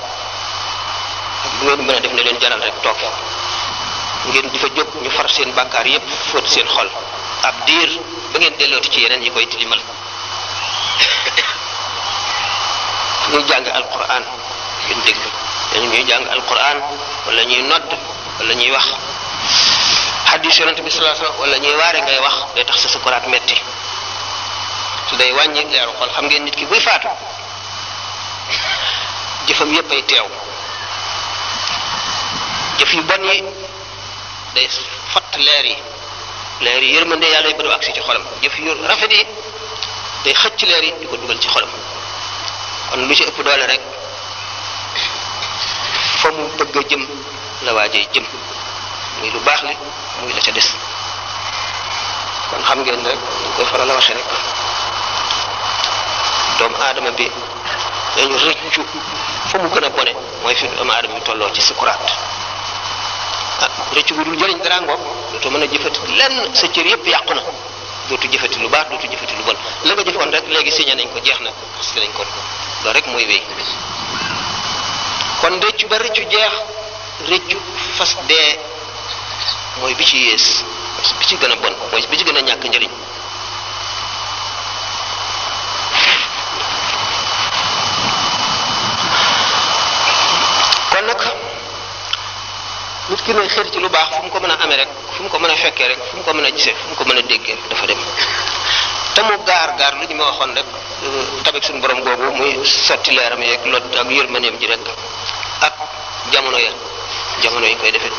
S1: lu ngeen mën a def ne leen jaral rek toog ngeen di fa jóg ñu far seen bàkkaar yépp fóot seen xol ab diir ba ngeen dellooti ci yeneen yi koy tilimal ñuy jàng alquran duñ déglu dañu ñuy jàng alquran wala ñuy nodd wala ñuy wax xadis yonente bi sallallahu alayhi ñuy waare ngay wax day tax sa sukuraat metti su day wàññi leeru xol xam ngeen nit ki buy faatu jëfam yépp ay teew jëf yu bon yi day fatt leer yi leer yi yërmande yàlla yu bëri agsi ci xolam jëf yu rafet yi day xëcc leer yi di ko dugal ci xolam kon lu ci ëpp doole rek fa mu bëgg a jëm la waajee jëm muy lu baax li muy la ca des kon xam ngeen rek ñu koy faral a waxe rek doomu aadama bi dañu rëccu fa mu gën a bone mooy fi doomu aadama bi tolloo ci sukuraat ah rëcc bu dul njëriñ dara ngoog dootoo mën a jëfati lenn sa cër yëpp yàqu na dootu jëfati lu baax dootu jëfati lu bon la nga jëfoon rek léegi signé nañ ko jeex na parce que ko loolu rek mooy wéy kon rëccu ba rëccu jeex rëccu fas dee mooy bi ci yées bi ci gën a bon mooy bi ci gën a ñàkk njëriñ nit ki nay xër ci lu baax fu mu ko mën a amee rek fu mu ko mën a fekkee rek fu mu ko mën a gisee fu mu ko mën a déggee dafa dem te mu gaar gaar lu ñu waxoon rek euh, tabek suñu borom googu muy sotti leeram yeeg lot ak yërmaneem ji rek jamono ya yi koy defee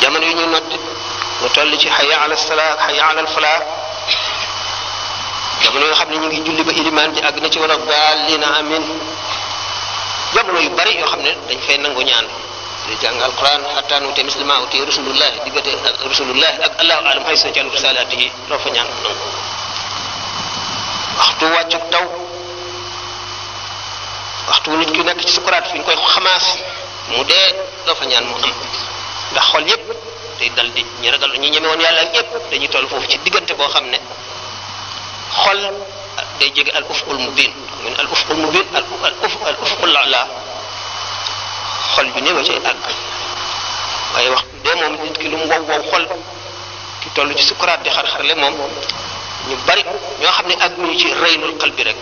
S1: jamono yi ñuy notti nga toll ci xaya ala salaa xaya ala falaa jamono yoo xam ne ñu ngi julli ba ilimaan ji àgg na ci wala daal lii na amin jamono yu bari yoo xam ne dañ fay nangu ñaan di jàng alquran xataa nuute misli ma uti rasulullah diggante ak rasulullah ak allahu alam xay sa jalu risalatihi loo fa ñaan nangu waxtu wàccuk taw waxtu nit ki nekk ci sukuraat fi ñu koy xamaas mu dee loo fa ñaan mu am ndax xol yépp day dal di ñu ragal ñu ñeme woon yàlla ak yépp dañuy toll foofu ci diggante boo xam ne xol ah, day jege al ufqul mubin min al ufqul mubin al ufqul xol bi néew a cay àgg waaye wax dee moom nit ki lu mu wow wow xol ki toll ci sukuraat di xar-xarle moom ñu bari ñoo xam ne àgguñu ci reynul xal bi rek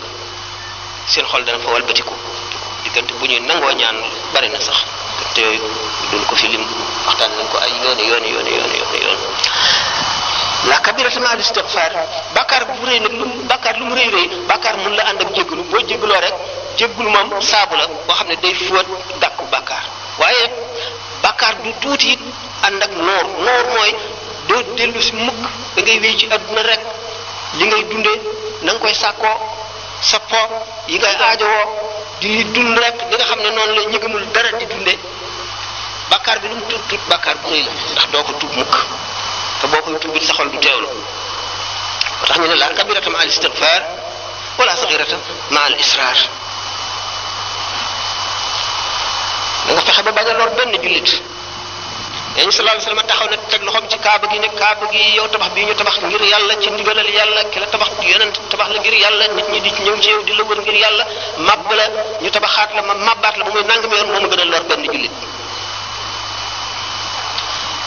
S1: seen xol dana fa walbatiku diggante bu ñuy nangoo ñaan bari na sax te yooyu duñ ko fi lim waxtaan nañ ko ay yooni yooni yooni yooni yooni yooni la kabiratu ma lu bàkkaar lu mu rëy rëy bàkkaar la ànd ak boo jéggaloo rek jéggalu moom saabu la boo xam ne day fóot dàkku waaye bàkkaar du tuuti it ànd ak noor noor mooy doo dellu si mukk da wéy ci àdduna rek li ngay dunde na koy sàkkoo sa po yi ngay aajowoo di dund rek di nga xam ne noonu la ñu gëmul dara di dundee bàkkaar bi lu mu tuut tuut bàkkaar bu rëy la ndax doo ko tuub mukk te boo koy tuubit sa xol du teewlu ba ñu ne la kabirata ma al istigfaar wala sagirata ma al israar danga fexe ba bañ a lor benn jullit yéen sallallahu alayhi wasallam taxaw na teg loxoom ci kaaba gi ne kaaba gi yow tabax bii ñu tabax ngir yàlla ci ndigalal yàlla ki la tabax yonent tabax la ngir yàlla nit ñi di ñëw ci yow di la wër ngir yàlla màbb la ñu tabaxaat la ma màbbaat la ba muy nangam yoon moo ma gën benn jullit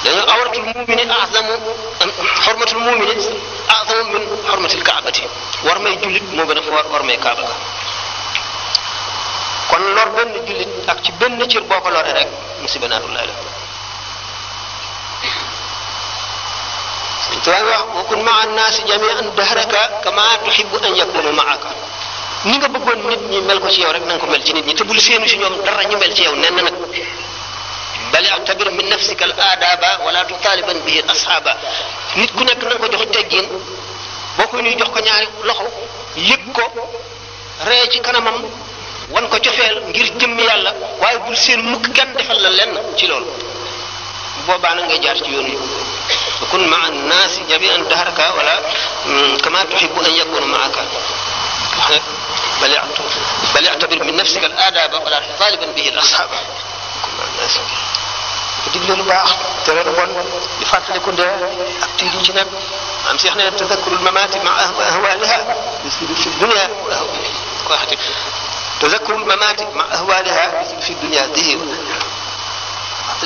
S1: dañoo awratul mumini azamu xormatul mumini azamu min xormatil kaabati war may jullit moo gën a foor war may kaaba ga kon lor benn jullit ak ci benn cër boo ko rek musiba naanullaay la suñ tubaab wax wa kun maa naasi jamian dahraka kama tuhibu an yakunu maaka ni nga bëggoon nit ñi mel ko ci yow rek na nga ko mel ci nit ñi te bul seenu ci ñoom dara ñu mel ci yow nen na nag bal tabir min nafsika al aadaaba wala tutaaliban bihi al nit ku nekk na ko jox teggin boo ko jox ko ñaari loxo yëg ko ci kanamam wan ko cofeel ngir jëmmi yàlla waaye bul seen mukk kenn defal la lenn ci loolu boobaa nag ngay jaar ci yoon yi kun maa naasi jamian daharaka wala mm, kama tuhibu an yakunu maaka bal bal i'tabir min nafsika al aadaba wala taaliban bihi al asxaaba kun maa naasi digle lu baax tere lu bon di fàttali ko dee ak tiir yi ci nekk am seex ne tadakkurul mamaati ma ahwaaliha fi dunia waxati tadakkur mamaati ma ahwaaliha fi dunia dihir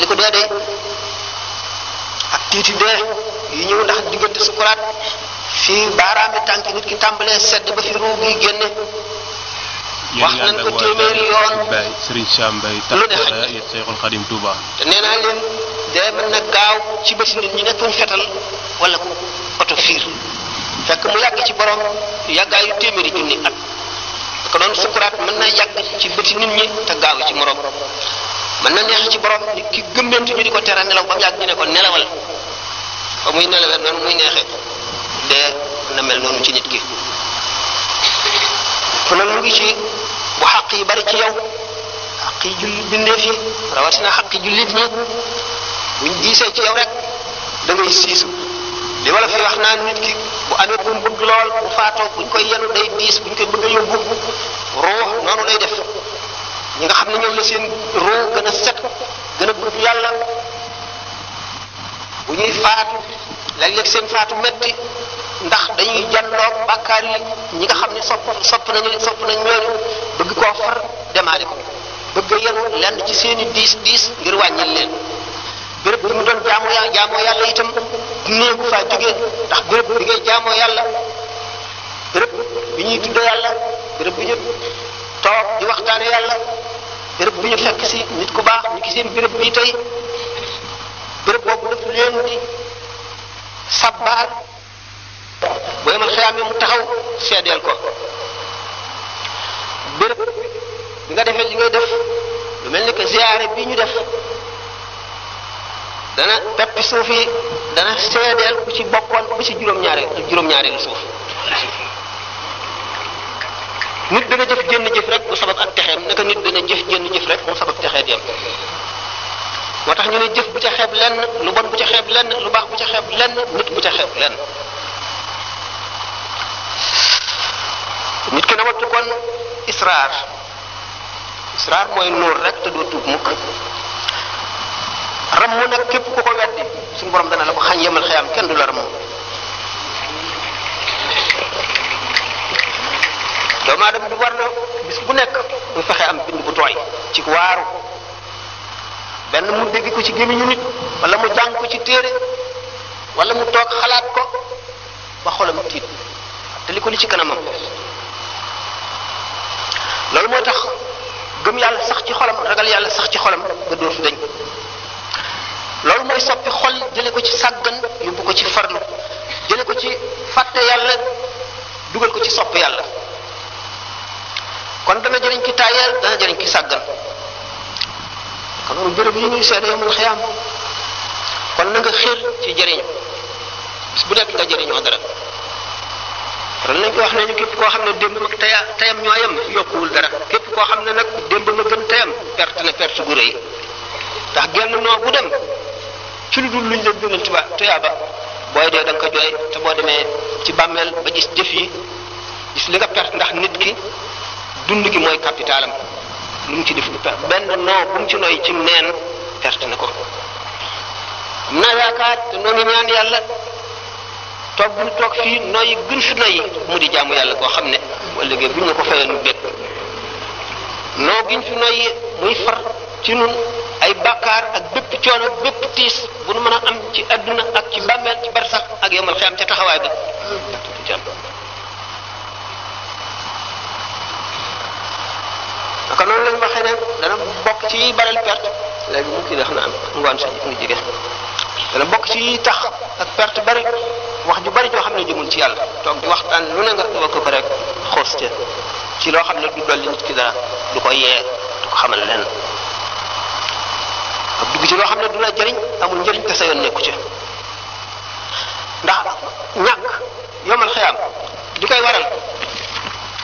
S1: li ko dee day ak tiiti dee yu ñëw ndax diggante sukuraat fii baaraami tànk nit ki tàmbalee sedd ba fi ruug yi génne wax nañ ko téeméeri yoon lu ne xaj te nee dee mën na gaaw ci bési nit ñi nekkum fetal wala ku oto fiir fekk mu yàgg ci borom yàggaayu téeméeri junni ko noonu mën na yàgg ci bëti nit ñi te gaaw ci morom mën na neex ci borom nit ki gëmbentu ñu di ko tere nelaw ba mu yàgg ñu ne ko nelawal ba muy nelawee noonu muy neexee dee na mel noonu ci nit ki ku nag mu ngi ci bu xaq yi bari ci yow xaq yi julli bindeef yi rawatina xaq yi jullit ñi buñ diisee ci yow rek da ngay siisu li wala fi wax naan nit ki bu amee bu bëgg lool bu faatoo buñ koy yenu day diis buñ koy bëgg a yóbbu ruux noonu lay def ñi nga xam ne ñoom la seen ruux gën a set gën yàlla bu ñuy faatu léeg-léeg seen faatu ndax dañuy jandoog bàkkaar yi ñi nga xam ne sopp sopp nañu sopp nañ ñooñu bëgg koo far demaale ko bëgg a yenu lenn ci seen i diis diis ngir wàññil leen béréb bi mu doon jaamu jaamoo yàlla itam jullee bu faa jógee ndax béréb bi ngay jaamoo yàlla béréb bi ñuy tuddee yàlla béréb bi ñu toog di waxtaane yàlla béréb bi ñu fekk si nit ku baax ñu giseen béréb bii tey béréb boobu daf leen di sabbaal bu yemal xiyaam mu taxaw seedeel ko béréb bi nga defee li ngay def lu mel ni que bii ñu def dana pepp suuf yi dana seedeel bu ci bokkoon bu ci juróom-ñaareel juróom-ñaareelu suuf nit dana jëf jënn jëf rek mu sabab ak texeem naka nit dana jëf jënn jëf rek mu sabab texeet yam moo tax ñu ne jëf bu ca xeeb lenn lu bon bu ca xeb lenn lu baax bu ca xeeb lenn nit bu ca xeeb lenn nit ki na wattu kon israar israar mooy nuur rek te doo tuub mukk ramm nag képp ku ko weddi suñu borom dana la ko xañ yemal am kenn du la ramm doomu aadama bi war na bis bu nekk mu fexe am bind bu tooy ci waaru benn mu dégg ko ci gémmiñu nit wala mu jàng ko ci téere wala mu toog xalaat ko ba xolam tiit te li ko li ci kanamam loolu mooy tax gëm yàlla sax ci xolam ragal yàlla sax ci xolam nga dootu dañ loolu mooy soppi xol jële ko ci sàggan yóbbu ko ci farlu jële ko ci fàtte yàlla dugal ko ci sopp yàlla kon dana jëriñ ki tàyyeel dana jëriñ ki sàggan kon loolu béréb yi ñuy seede yamul xiyaam kon na nga xiir ci jëriñu bis bu nekk nga jëriñoo dara ron nañ ko wax ne nañu képp koo xam ne démb ak taya tayam ñoo yem yokkuwul dara képp koo xam ne nag démb nga gën tayam perte na perte gu rëy ndax genn noo bu dem ci lu dul luñ la gënal tuba tuyaaba booy dee da ko jooy te boo demee ci bàmmeel ba gis jëf yi gis li nga perte ndax nit ki dund gi mooy capitalam lu mu ci def du perte benn noo bu mu ci noy ci neen perte na ko am naa yaakaar te noo ñaan yàlla toog bu ñu toog fii noyyi gën fi noyyi mu di jaamu yàlla koo xam ne wala léegi bu ñu ko fayee nu bég noo giñ fi noyyi muy far ci nun ay bàkkaar ak bépp coono bépp tiis bu nu mën a am ci adduna ak ci bàmmeel ci barsax ak yomal xiyam ca noonu lañ waxee ne dana bokk ci bareel perte léegi mu kii la xam ne dana bokk ci tax ak pert bari wax ju bari joo xam ne jëmul ci yàlla toog di waxtaan lu ne nga ko ko rek xoos ci loo xam ne du dolli nit ki du ko yee du ko xamal lenn ak dugg ci loo xam ne du la jariñ amul njëriñ te sa yoon nekku ci ndax ñàkk yomal xiyaam di koy waral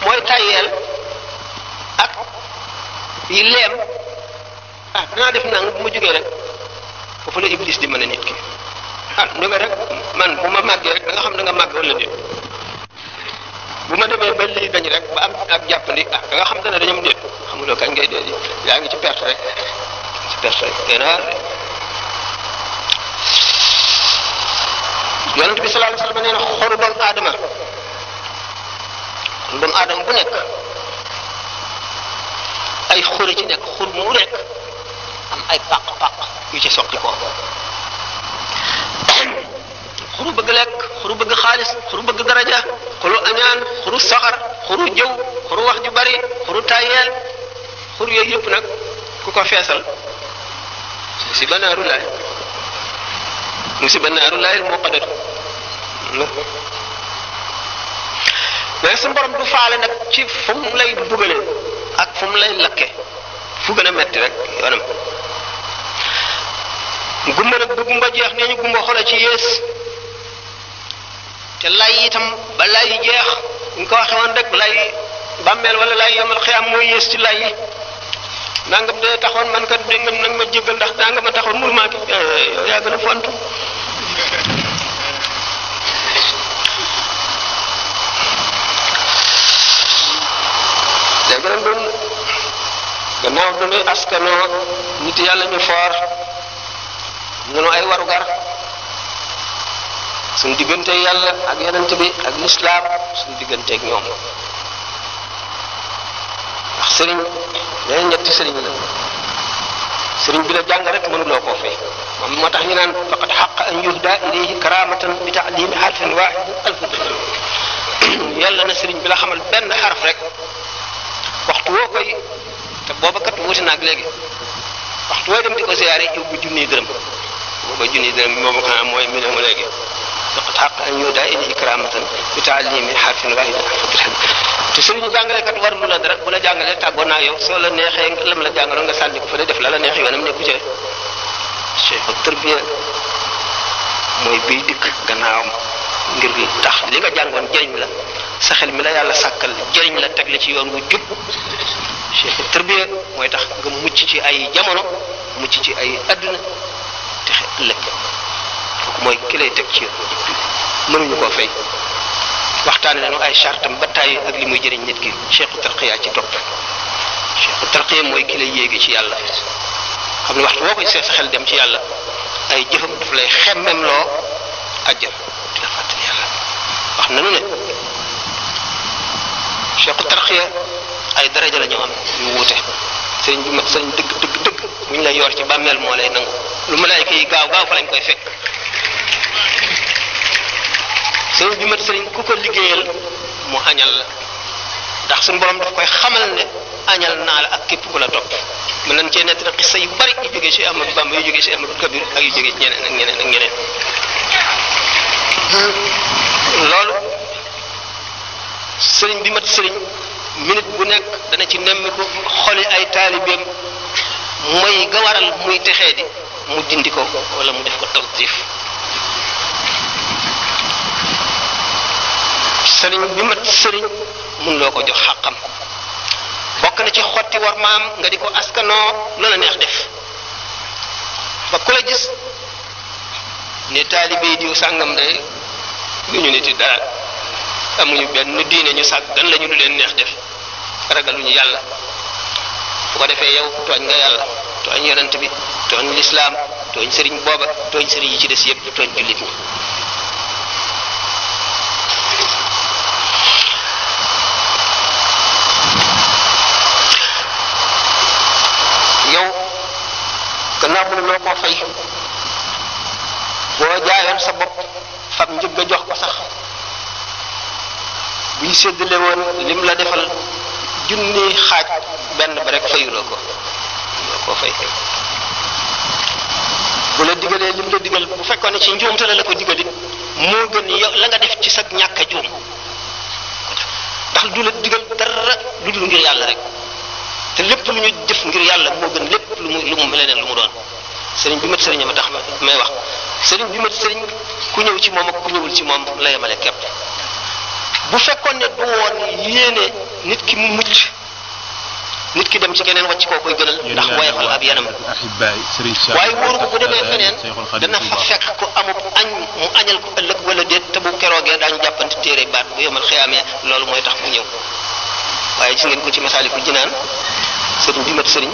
S1: mooy tayeel ak yi leem ah danaa def naa bu ma jógee rek foofu la iblis di mën a nit ki ah ndeme rek man bu ma màggee rek da nga xam ne nga màgg wala déet bu ma demee ba lii dañ rek ba am ak jàppandi ah da nga xam ne dañoo déet xamuloo kañ ngay déet yaa ngi ci perte rek perte dana yonent bi sallallahu alayhi nee na xolu doomu aadama xolu doomu aadama bu nekk ay xore ci nekk xur mu nekk am ay pàq-pàq yu ci soqi ko xuru bëgg lekk xuru bëgg xaalis xuru bëgg daraja xuru añaan xuru soxar xuru jëw xuru wax bari xuru tayeel xur yooyu yëpp nag ku ko feesal musiba naaru laay musiba naaru laay moo xadar mais su du faale nag ci fu mu lay bugale ak fu mu lay lakke fu gën metti rek yoonam gumba nag du gumba jeex nee ñu gumba xoola ci yées te lay itam ba lay jeex ñu ko waxe woon rek lay bàmmeel wala lay yomal xiyaam mooy yées ci lay nangam dee taxoon man kat dégg nga ma jéggal ndax nangam ma taxoon mënu maa ki yow eh, yaa gën a fontu léegi nag ñun gannaaw du ñuy askanoo nit yàlla ñu foor ñu ay warugar suñu diggante yàlla ak yonent bi ak lislaam suñ digganteeg ñoom. ndax sëriñ nee ñetti sëriñ la sëriñ jàng rek mënuloo koo fay moom moo tax ñu naan faqad xaq an yuhda ilayhi karamatan bi taalimi harfin wahid alfu dirham yàlla na sëriñ bi la xamal benn xaraf rek waxtu woo koy te booba kat wuti naag léegi waxtu wooy dem di ko siyaare yóbbu junniy dërëm booba junniy dërëm bi moom xanaa mooy million léegi faqad xaq an yuhda ilayhi karamatan bi taalimi harfin wahid alfu dirham te suñu jàngalekat war mu la dara bu la jàngalee tàggoo naa yow soo la neexee lam la jàngaloon nga sànni ko fa def la la neex yoonam nekku ci cheikhu tarbiya mooy biy dikk tax li nga jàngoon jëriñ la sa xel mi yàlla sàkkal jëriñ la teg ci yoon wu jub cheikhu tarbiya mooy tax nga mucc ci ay jamono mucc ci ay adduna texe ëllëg kooku mooy ki teg ci mënuñu koo fay waxtaane nañu ay chartam ba tàyyi ak li muy jëriñ nit ki cheikhu tarqiya ci topp cheikhu tarqiya mooy ki lay yéegi ci yàlla xam ne waxtu boo koy seet sa xel dem ci yàlla ay jëfam daf lay xemmem loo àjjal di la fàttali yàlla wax nanu ne cheikhu tarqiya ay daraja lañu am yu wuute sëñ bi sëñ dëgg dëgg dëgg bu ñu lay yor ci bàmmeel moo lay nangu lu malaayka yi gaaw gaaw fa lañ koy fekk sëriñ bi mat sëriñ ku liggéeyal mu añal la ndax suñu borom daf koy xamal ne añal naa la ak képp ku la topp mën nañ cee nett na yu bari yu jógee ci Amadou Bamba yu jógee ci Amadou Kabir ñeneen ak ñeneen ak ñeneen bi mat sëriñ minute bu nekk dana ci nemmiku xoli ay taalibeem mooy ga waral muy texee di mu dindi ko wala mu def ko tawtif sëriñ bi mat sëriñ mun loo ko jox xàqam bokk na ci xotti war maam nga di ko askanoo loola neex def ba ku la gis ne taalibe diw sàngam de lu ñu niti dara amuñu benn diine ñu sàggan lañu du leen neex def ragaluñu yàlla bu ko defee yow tooñ nga yàlla tooñ yonent bi tooñ lislaam tooñ sëriñ booba tooñ sëriñ yi ci des yëpp tooñ jullit ñi dara mënuloo koo fay boo jaayoon sa bopp fab njëgg a jox ko sax buñ séddale woon lim la defal junni xaaj benn ba rek fayuloo ko loo koo fay fay bu la digalee lim la digal bu fekkoon ne ci njuumte la la ko digal moo gën yow la nga def ci sag ñàkk juum ndax du la digal dara lu dul ngir yàlla rek te lépp lu ñu jëf ngir yàlla moo gën lépp lu mu lu mu leneen lu mu doon sëriñ bi mat sëriñ ma tax may wax sëriñ bi mat sëriñ ku ñëw ci moom ak ku ñëwul ci moom la yemale képp bu fekkoon ne du yéene nit ki mu mucc nit ki dem ci keneen wàcc koo koy gënal ndax woyofal ab yanam waaye wóoru ko bu demee feneen dana fa fekk ku amub añ mu añal ko ëllëg wala déet te bu keroogee daañu jàppante téere baat bu yemal xëyaamee loolu mooy tax mu ñëw waaye gis ngeen ko ci masaaliku jinaan sëriñ bi mat sëriñ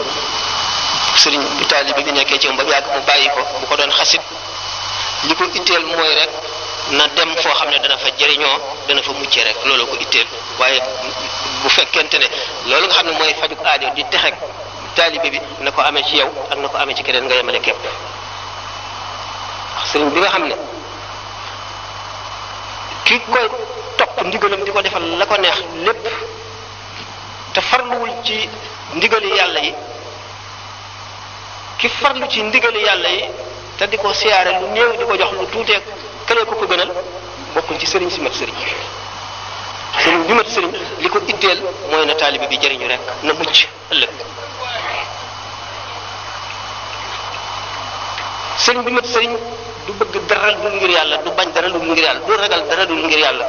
S1: sëriñ bi taalibe bi nekkee ci moom ba mu yàgg mu bàyyi ko bu ko doon xasit li ko itteel mooy rek na dem foo xam ne dana fa jariñoo dana fa muccee rek looloo ko itteel waaye bu fekkente ne loolu nga xam ne mooy fajuk aajo di texek taalibe bi na ko amee ci yow ak na ko amee ci keneen nga yemale képp sëriñ bi nga xam ne ki koy topp ndigalam di ko defal la ko neex lépp te farluwul ci ndigali yàlla yi ki farlu ci ndigali yàlla yi te di ko siyaare lu néew di ko jox lu tuuteeg këlee ko ko gënal bokkul ci sëriñ si mat sëriñ sëriñ bi mat sëriñ li ko itteel mooy na taalibe bi jëriñu rek na mucc ëllëg sëriñ bi mat sëriñ du bëgg dara lu ngir yàlla du bañ dara lu ngir yàlla du ragal dara lu ngir yàlla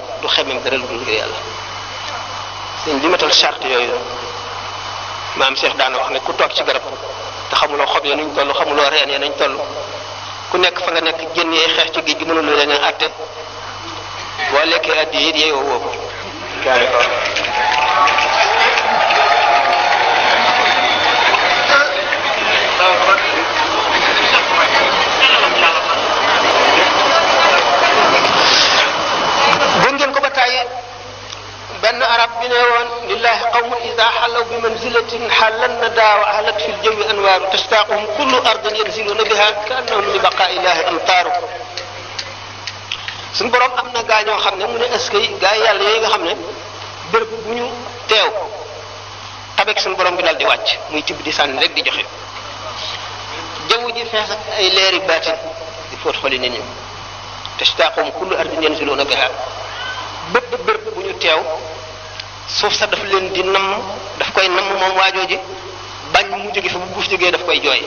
S1: sëñ bi matal charte yooyu maam Cheikh daana wax ne ku toog ci garab te xamuloo xob ya nuñ toll xamuloo reen ya nañ toll ku nekk fa nga nekk génn yee xeex ci géej gi mënuloo leen a àtte boo lekkee addi yi yeewoo woo benn arab bi ne woon lillahi qawmun ida xallaw bi manzilatin xallan na daawa ahlat fi ljawi anwaaru tashtaaqum kullu ardin yanziluuna biha kaannahum li baqaa ilahi amtaaru suñu borom am na gaa ñoo xam ne mu ne est-ce que gaa yi yàlla yooyu nga xam ne béréb bu ñu teew tabek suñu borom bi dal di wàcc muy tibb di sànni rek di joxe jaww ji fees ak ay leeri baatin di fóot xoli nit ñi tashtaaqum kullu ardin biha bépp béréb bu ñu teew suuf sax daf leen di namm daf koy namm moom waajoo ji bañ mu jóge fa bu buuf jógee daf koy jooy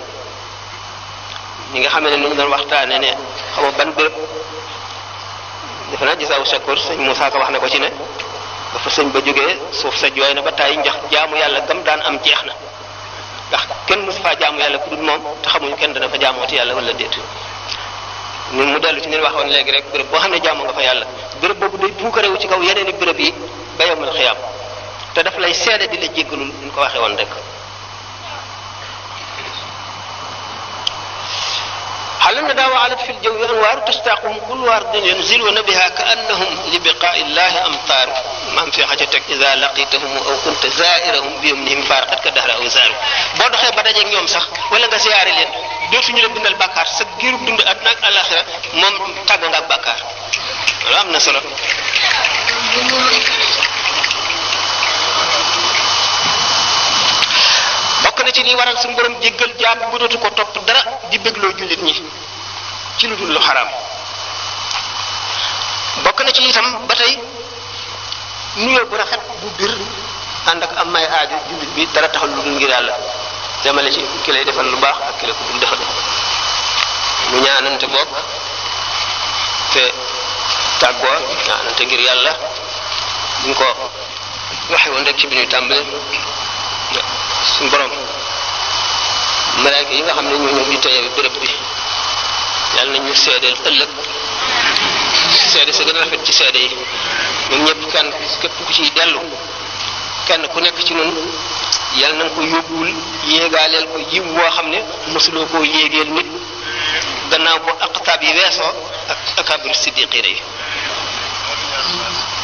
S1: ñi nga xam ni ñu doon waxtaane ne xaw ma ban béréb defe naa gisaawu Shakur sëñ Moussa ko wax ne ko ci ne dafa sëñ ba jógee suuf sa jooy na ba tàyyi njax jaamu yàlla gam daan am jeex na ndax kenn mësu faa jaamu yàlla ku dul moom te xamuñu kenn dana fa jaamooti yàlla wala déet ni mu dellu ci ni waxoon léegi rek bërëb boo xam ne jaamu nga fa yàlla béréb boobu day puukarewu ci kaw yeneen i béréb yi ba yombal xiyaam te daf lay seede di la jéggalul ñu ko waxee woon rek xalam na daa waalat fil jaww yi anwaaru tustaaqum kullu waardin yanziluuna biha ka annahum li biqaa'i llahi amtaaru maam feexa ca teg ida laqitahum aw kunta zaa'irahum bi yumnihim faarqat ka dahra aw zaaru boo doxee ba dajeeg ñoom sax wala nga ziyaare leen dootuñu la bindal bàkkaar sa giirub dund àdduna ak àllaaxira moom tàggoo nga ak bàkkaar loolu am na solo bokk na ci liy waral suñu borom jéggal jaam bu ko topp dara di bégloo jullit ñi ci lu dul lu xaraam bokk na ci itam ba tey nuyoo bu rafet bu bir ànd ak am may aaju jullit bi dara taxal lu dul ngir yàlla demale ci ki lay defal lu baax ak ki la ko dul defal mu ñaanante bokk te tàggoo ñaanante ngir yàlla duñ ko waxe woon ci bi ñuy tàmbali suñu malaayka yi nga xam ne ñoo ñëw di teewe béréb bi yal na ñu seedeel ëllëg seede sa gën a rafet ci seede yi ñun ñëpp kenn képp ku ciy dellu kenn ku nekk ci nun yal na ko yóbbul yéegaaleel ko yiw woo xam ne mosuloo koo yéegeel nit gannaaw bu aqtaab yi weesoo ak akabir siddiqiina yi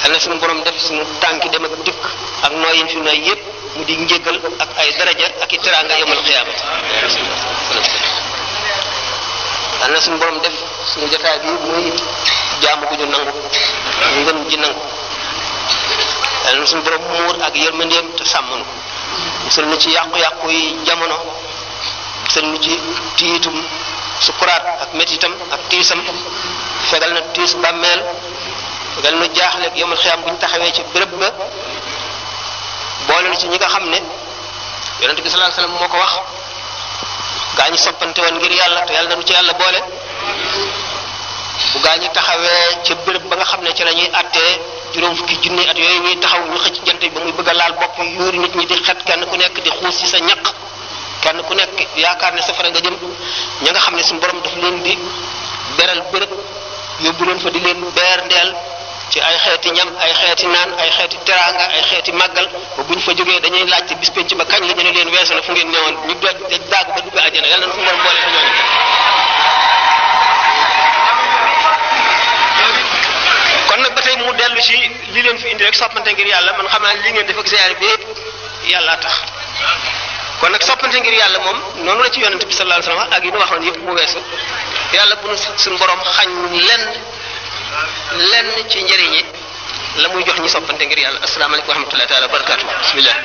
S1: yal na suñu borom def suñu tànki dem ak dikk ak nooyin fi nooy yépp mu di njëggal ak ay daraja ak i teraanga yawmal qiyaama dal na suñu borom def suñu jotaay bi muy jaamu gu ñu nangu ngën ji nangu dal na suñu borom muur ak yërmandeem te sàmm nu musal ci yàqu-yàqu yi jamono musal na ci tiitum sukuraat ak métitam ak tiisam fegal na tiis bàmmeel fegal na jaaxle ak yawmal qiyaama bu ñu taxawee ci béréb ba boole ci ñi nga xam ne yonent bi sallallahu alayhi moo ko wax gaa ñi soppante woon ngir yàlla te yàlla na nu ci yàlla boole bu gaa ñi taxawee ca bërëb ba nga xam ne ci la ñuy attee juróom fukki junni at yooyu ñuy taxaw ñu xëcc jant ba muy bëgg a laal bopp yuuri nit ñi di xet kenn ku nekk di xuus ci sa ñaq kenn ku nekk yaakaar ne safara nga jëm ña nga xam ne suñu borom daf leen di beral bërëb yóbbu leen fa di leen beer ndeel ci ay xeeti ñam ay xeeti naan ay xeeti teraanga ay xeeti màggal ba bu fa jógee dañuy laajte bis penc ba kañ la ñu ne leen weesu na fu ngeen newoon ñu doj daj daagu kon nag ba tey mu dellu ci li leen fi indi rek soppante ngir yàlla man xam naa li ngeen def ak ziyaar bi yëpp tax kon nag soppante ngir yàlla moom noonu la ci yonent bi sallallahu alayhi ak yi nu waxoon yëpp mu weesu yàlla bu nu suñu borom xañ lenn lenn ci njëriñ yi la muy jox ñi soppante ngir yàlla asalaamaaleykum wa rahmatullahi taala wa barakaatu bismillah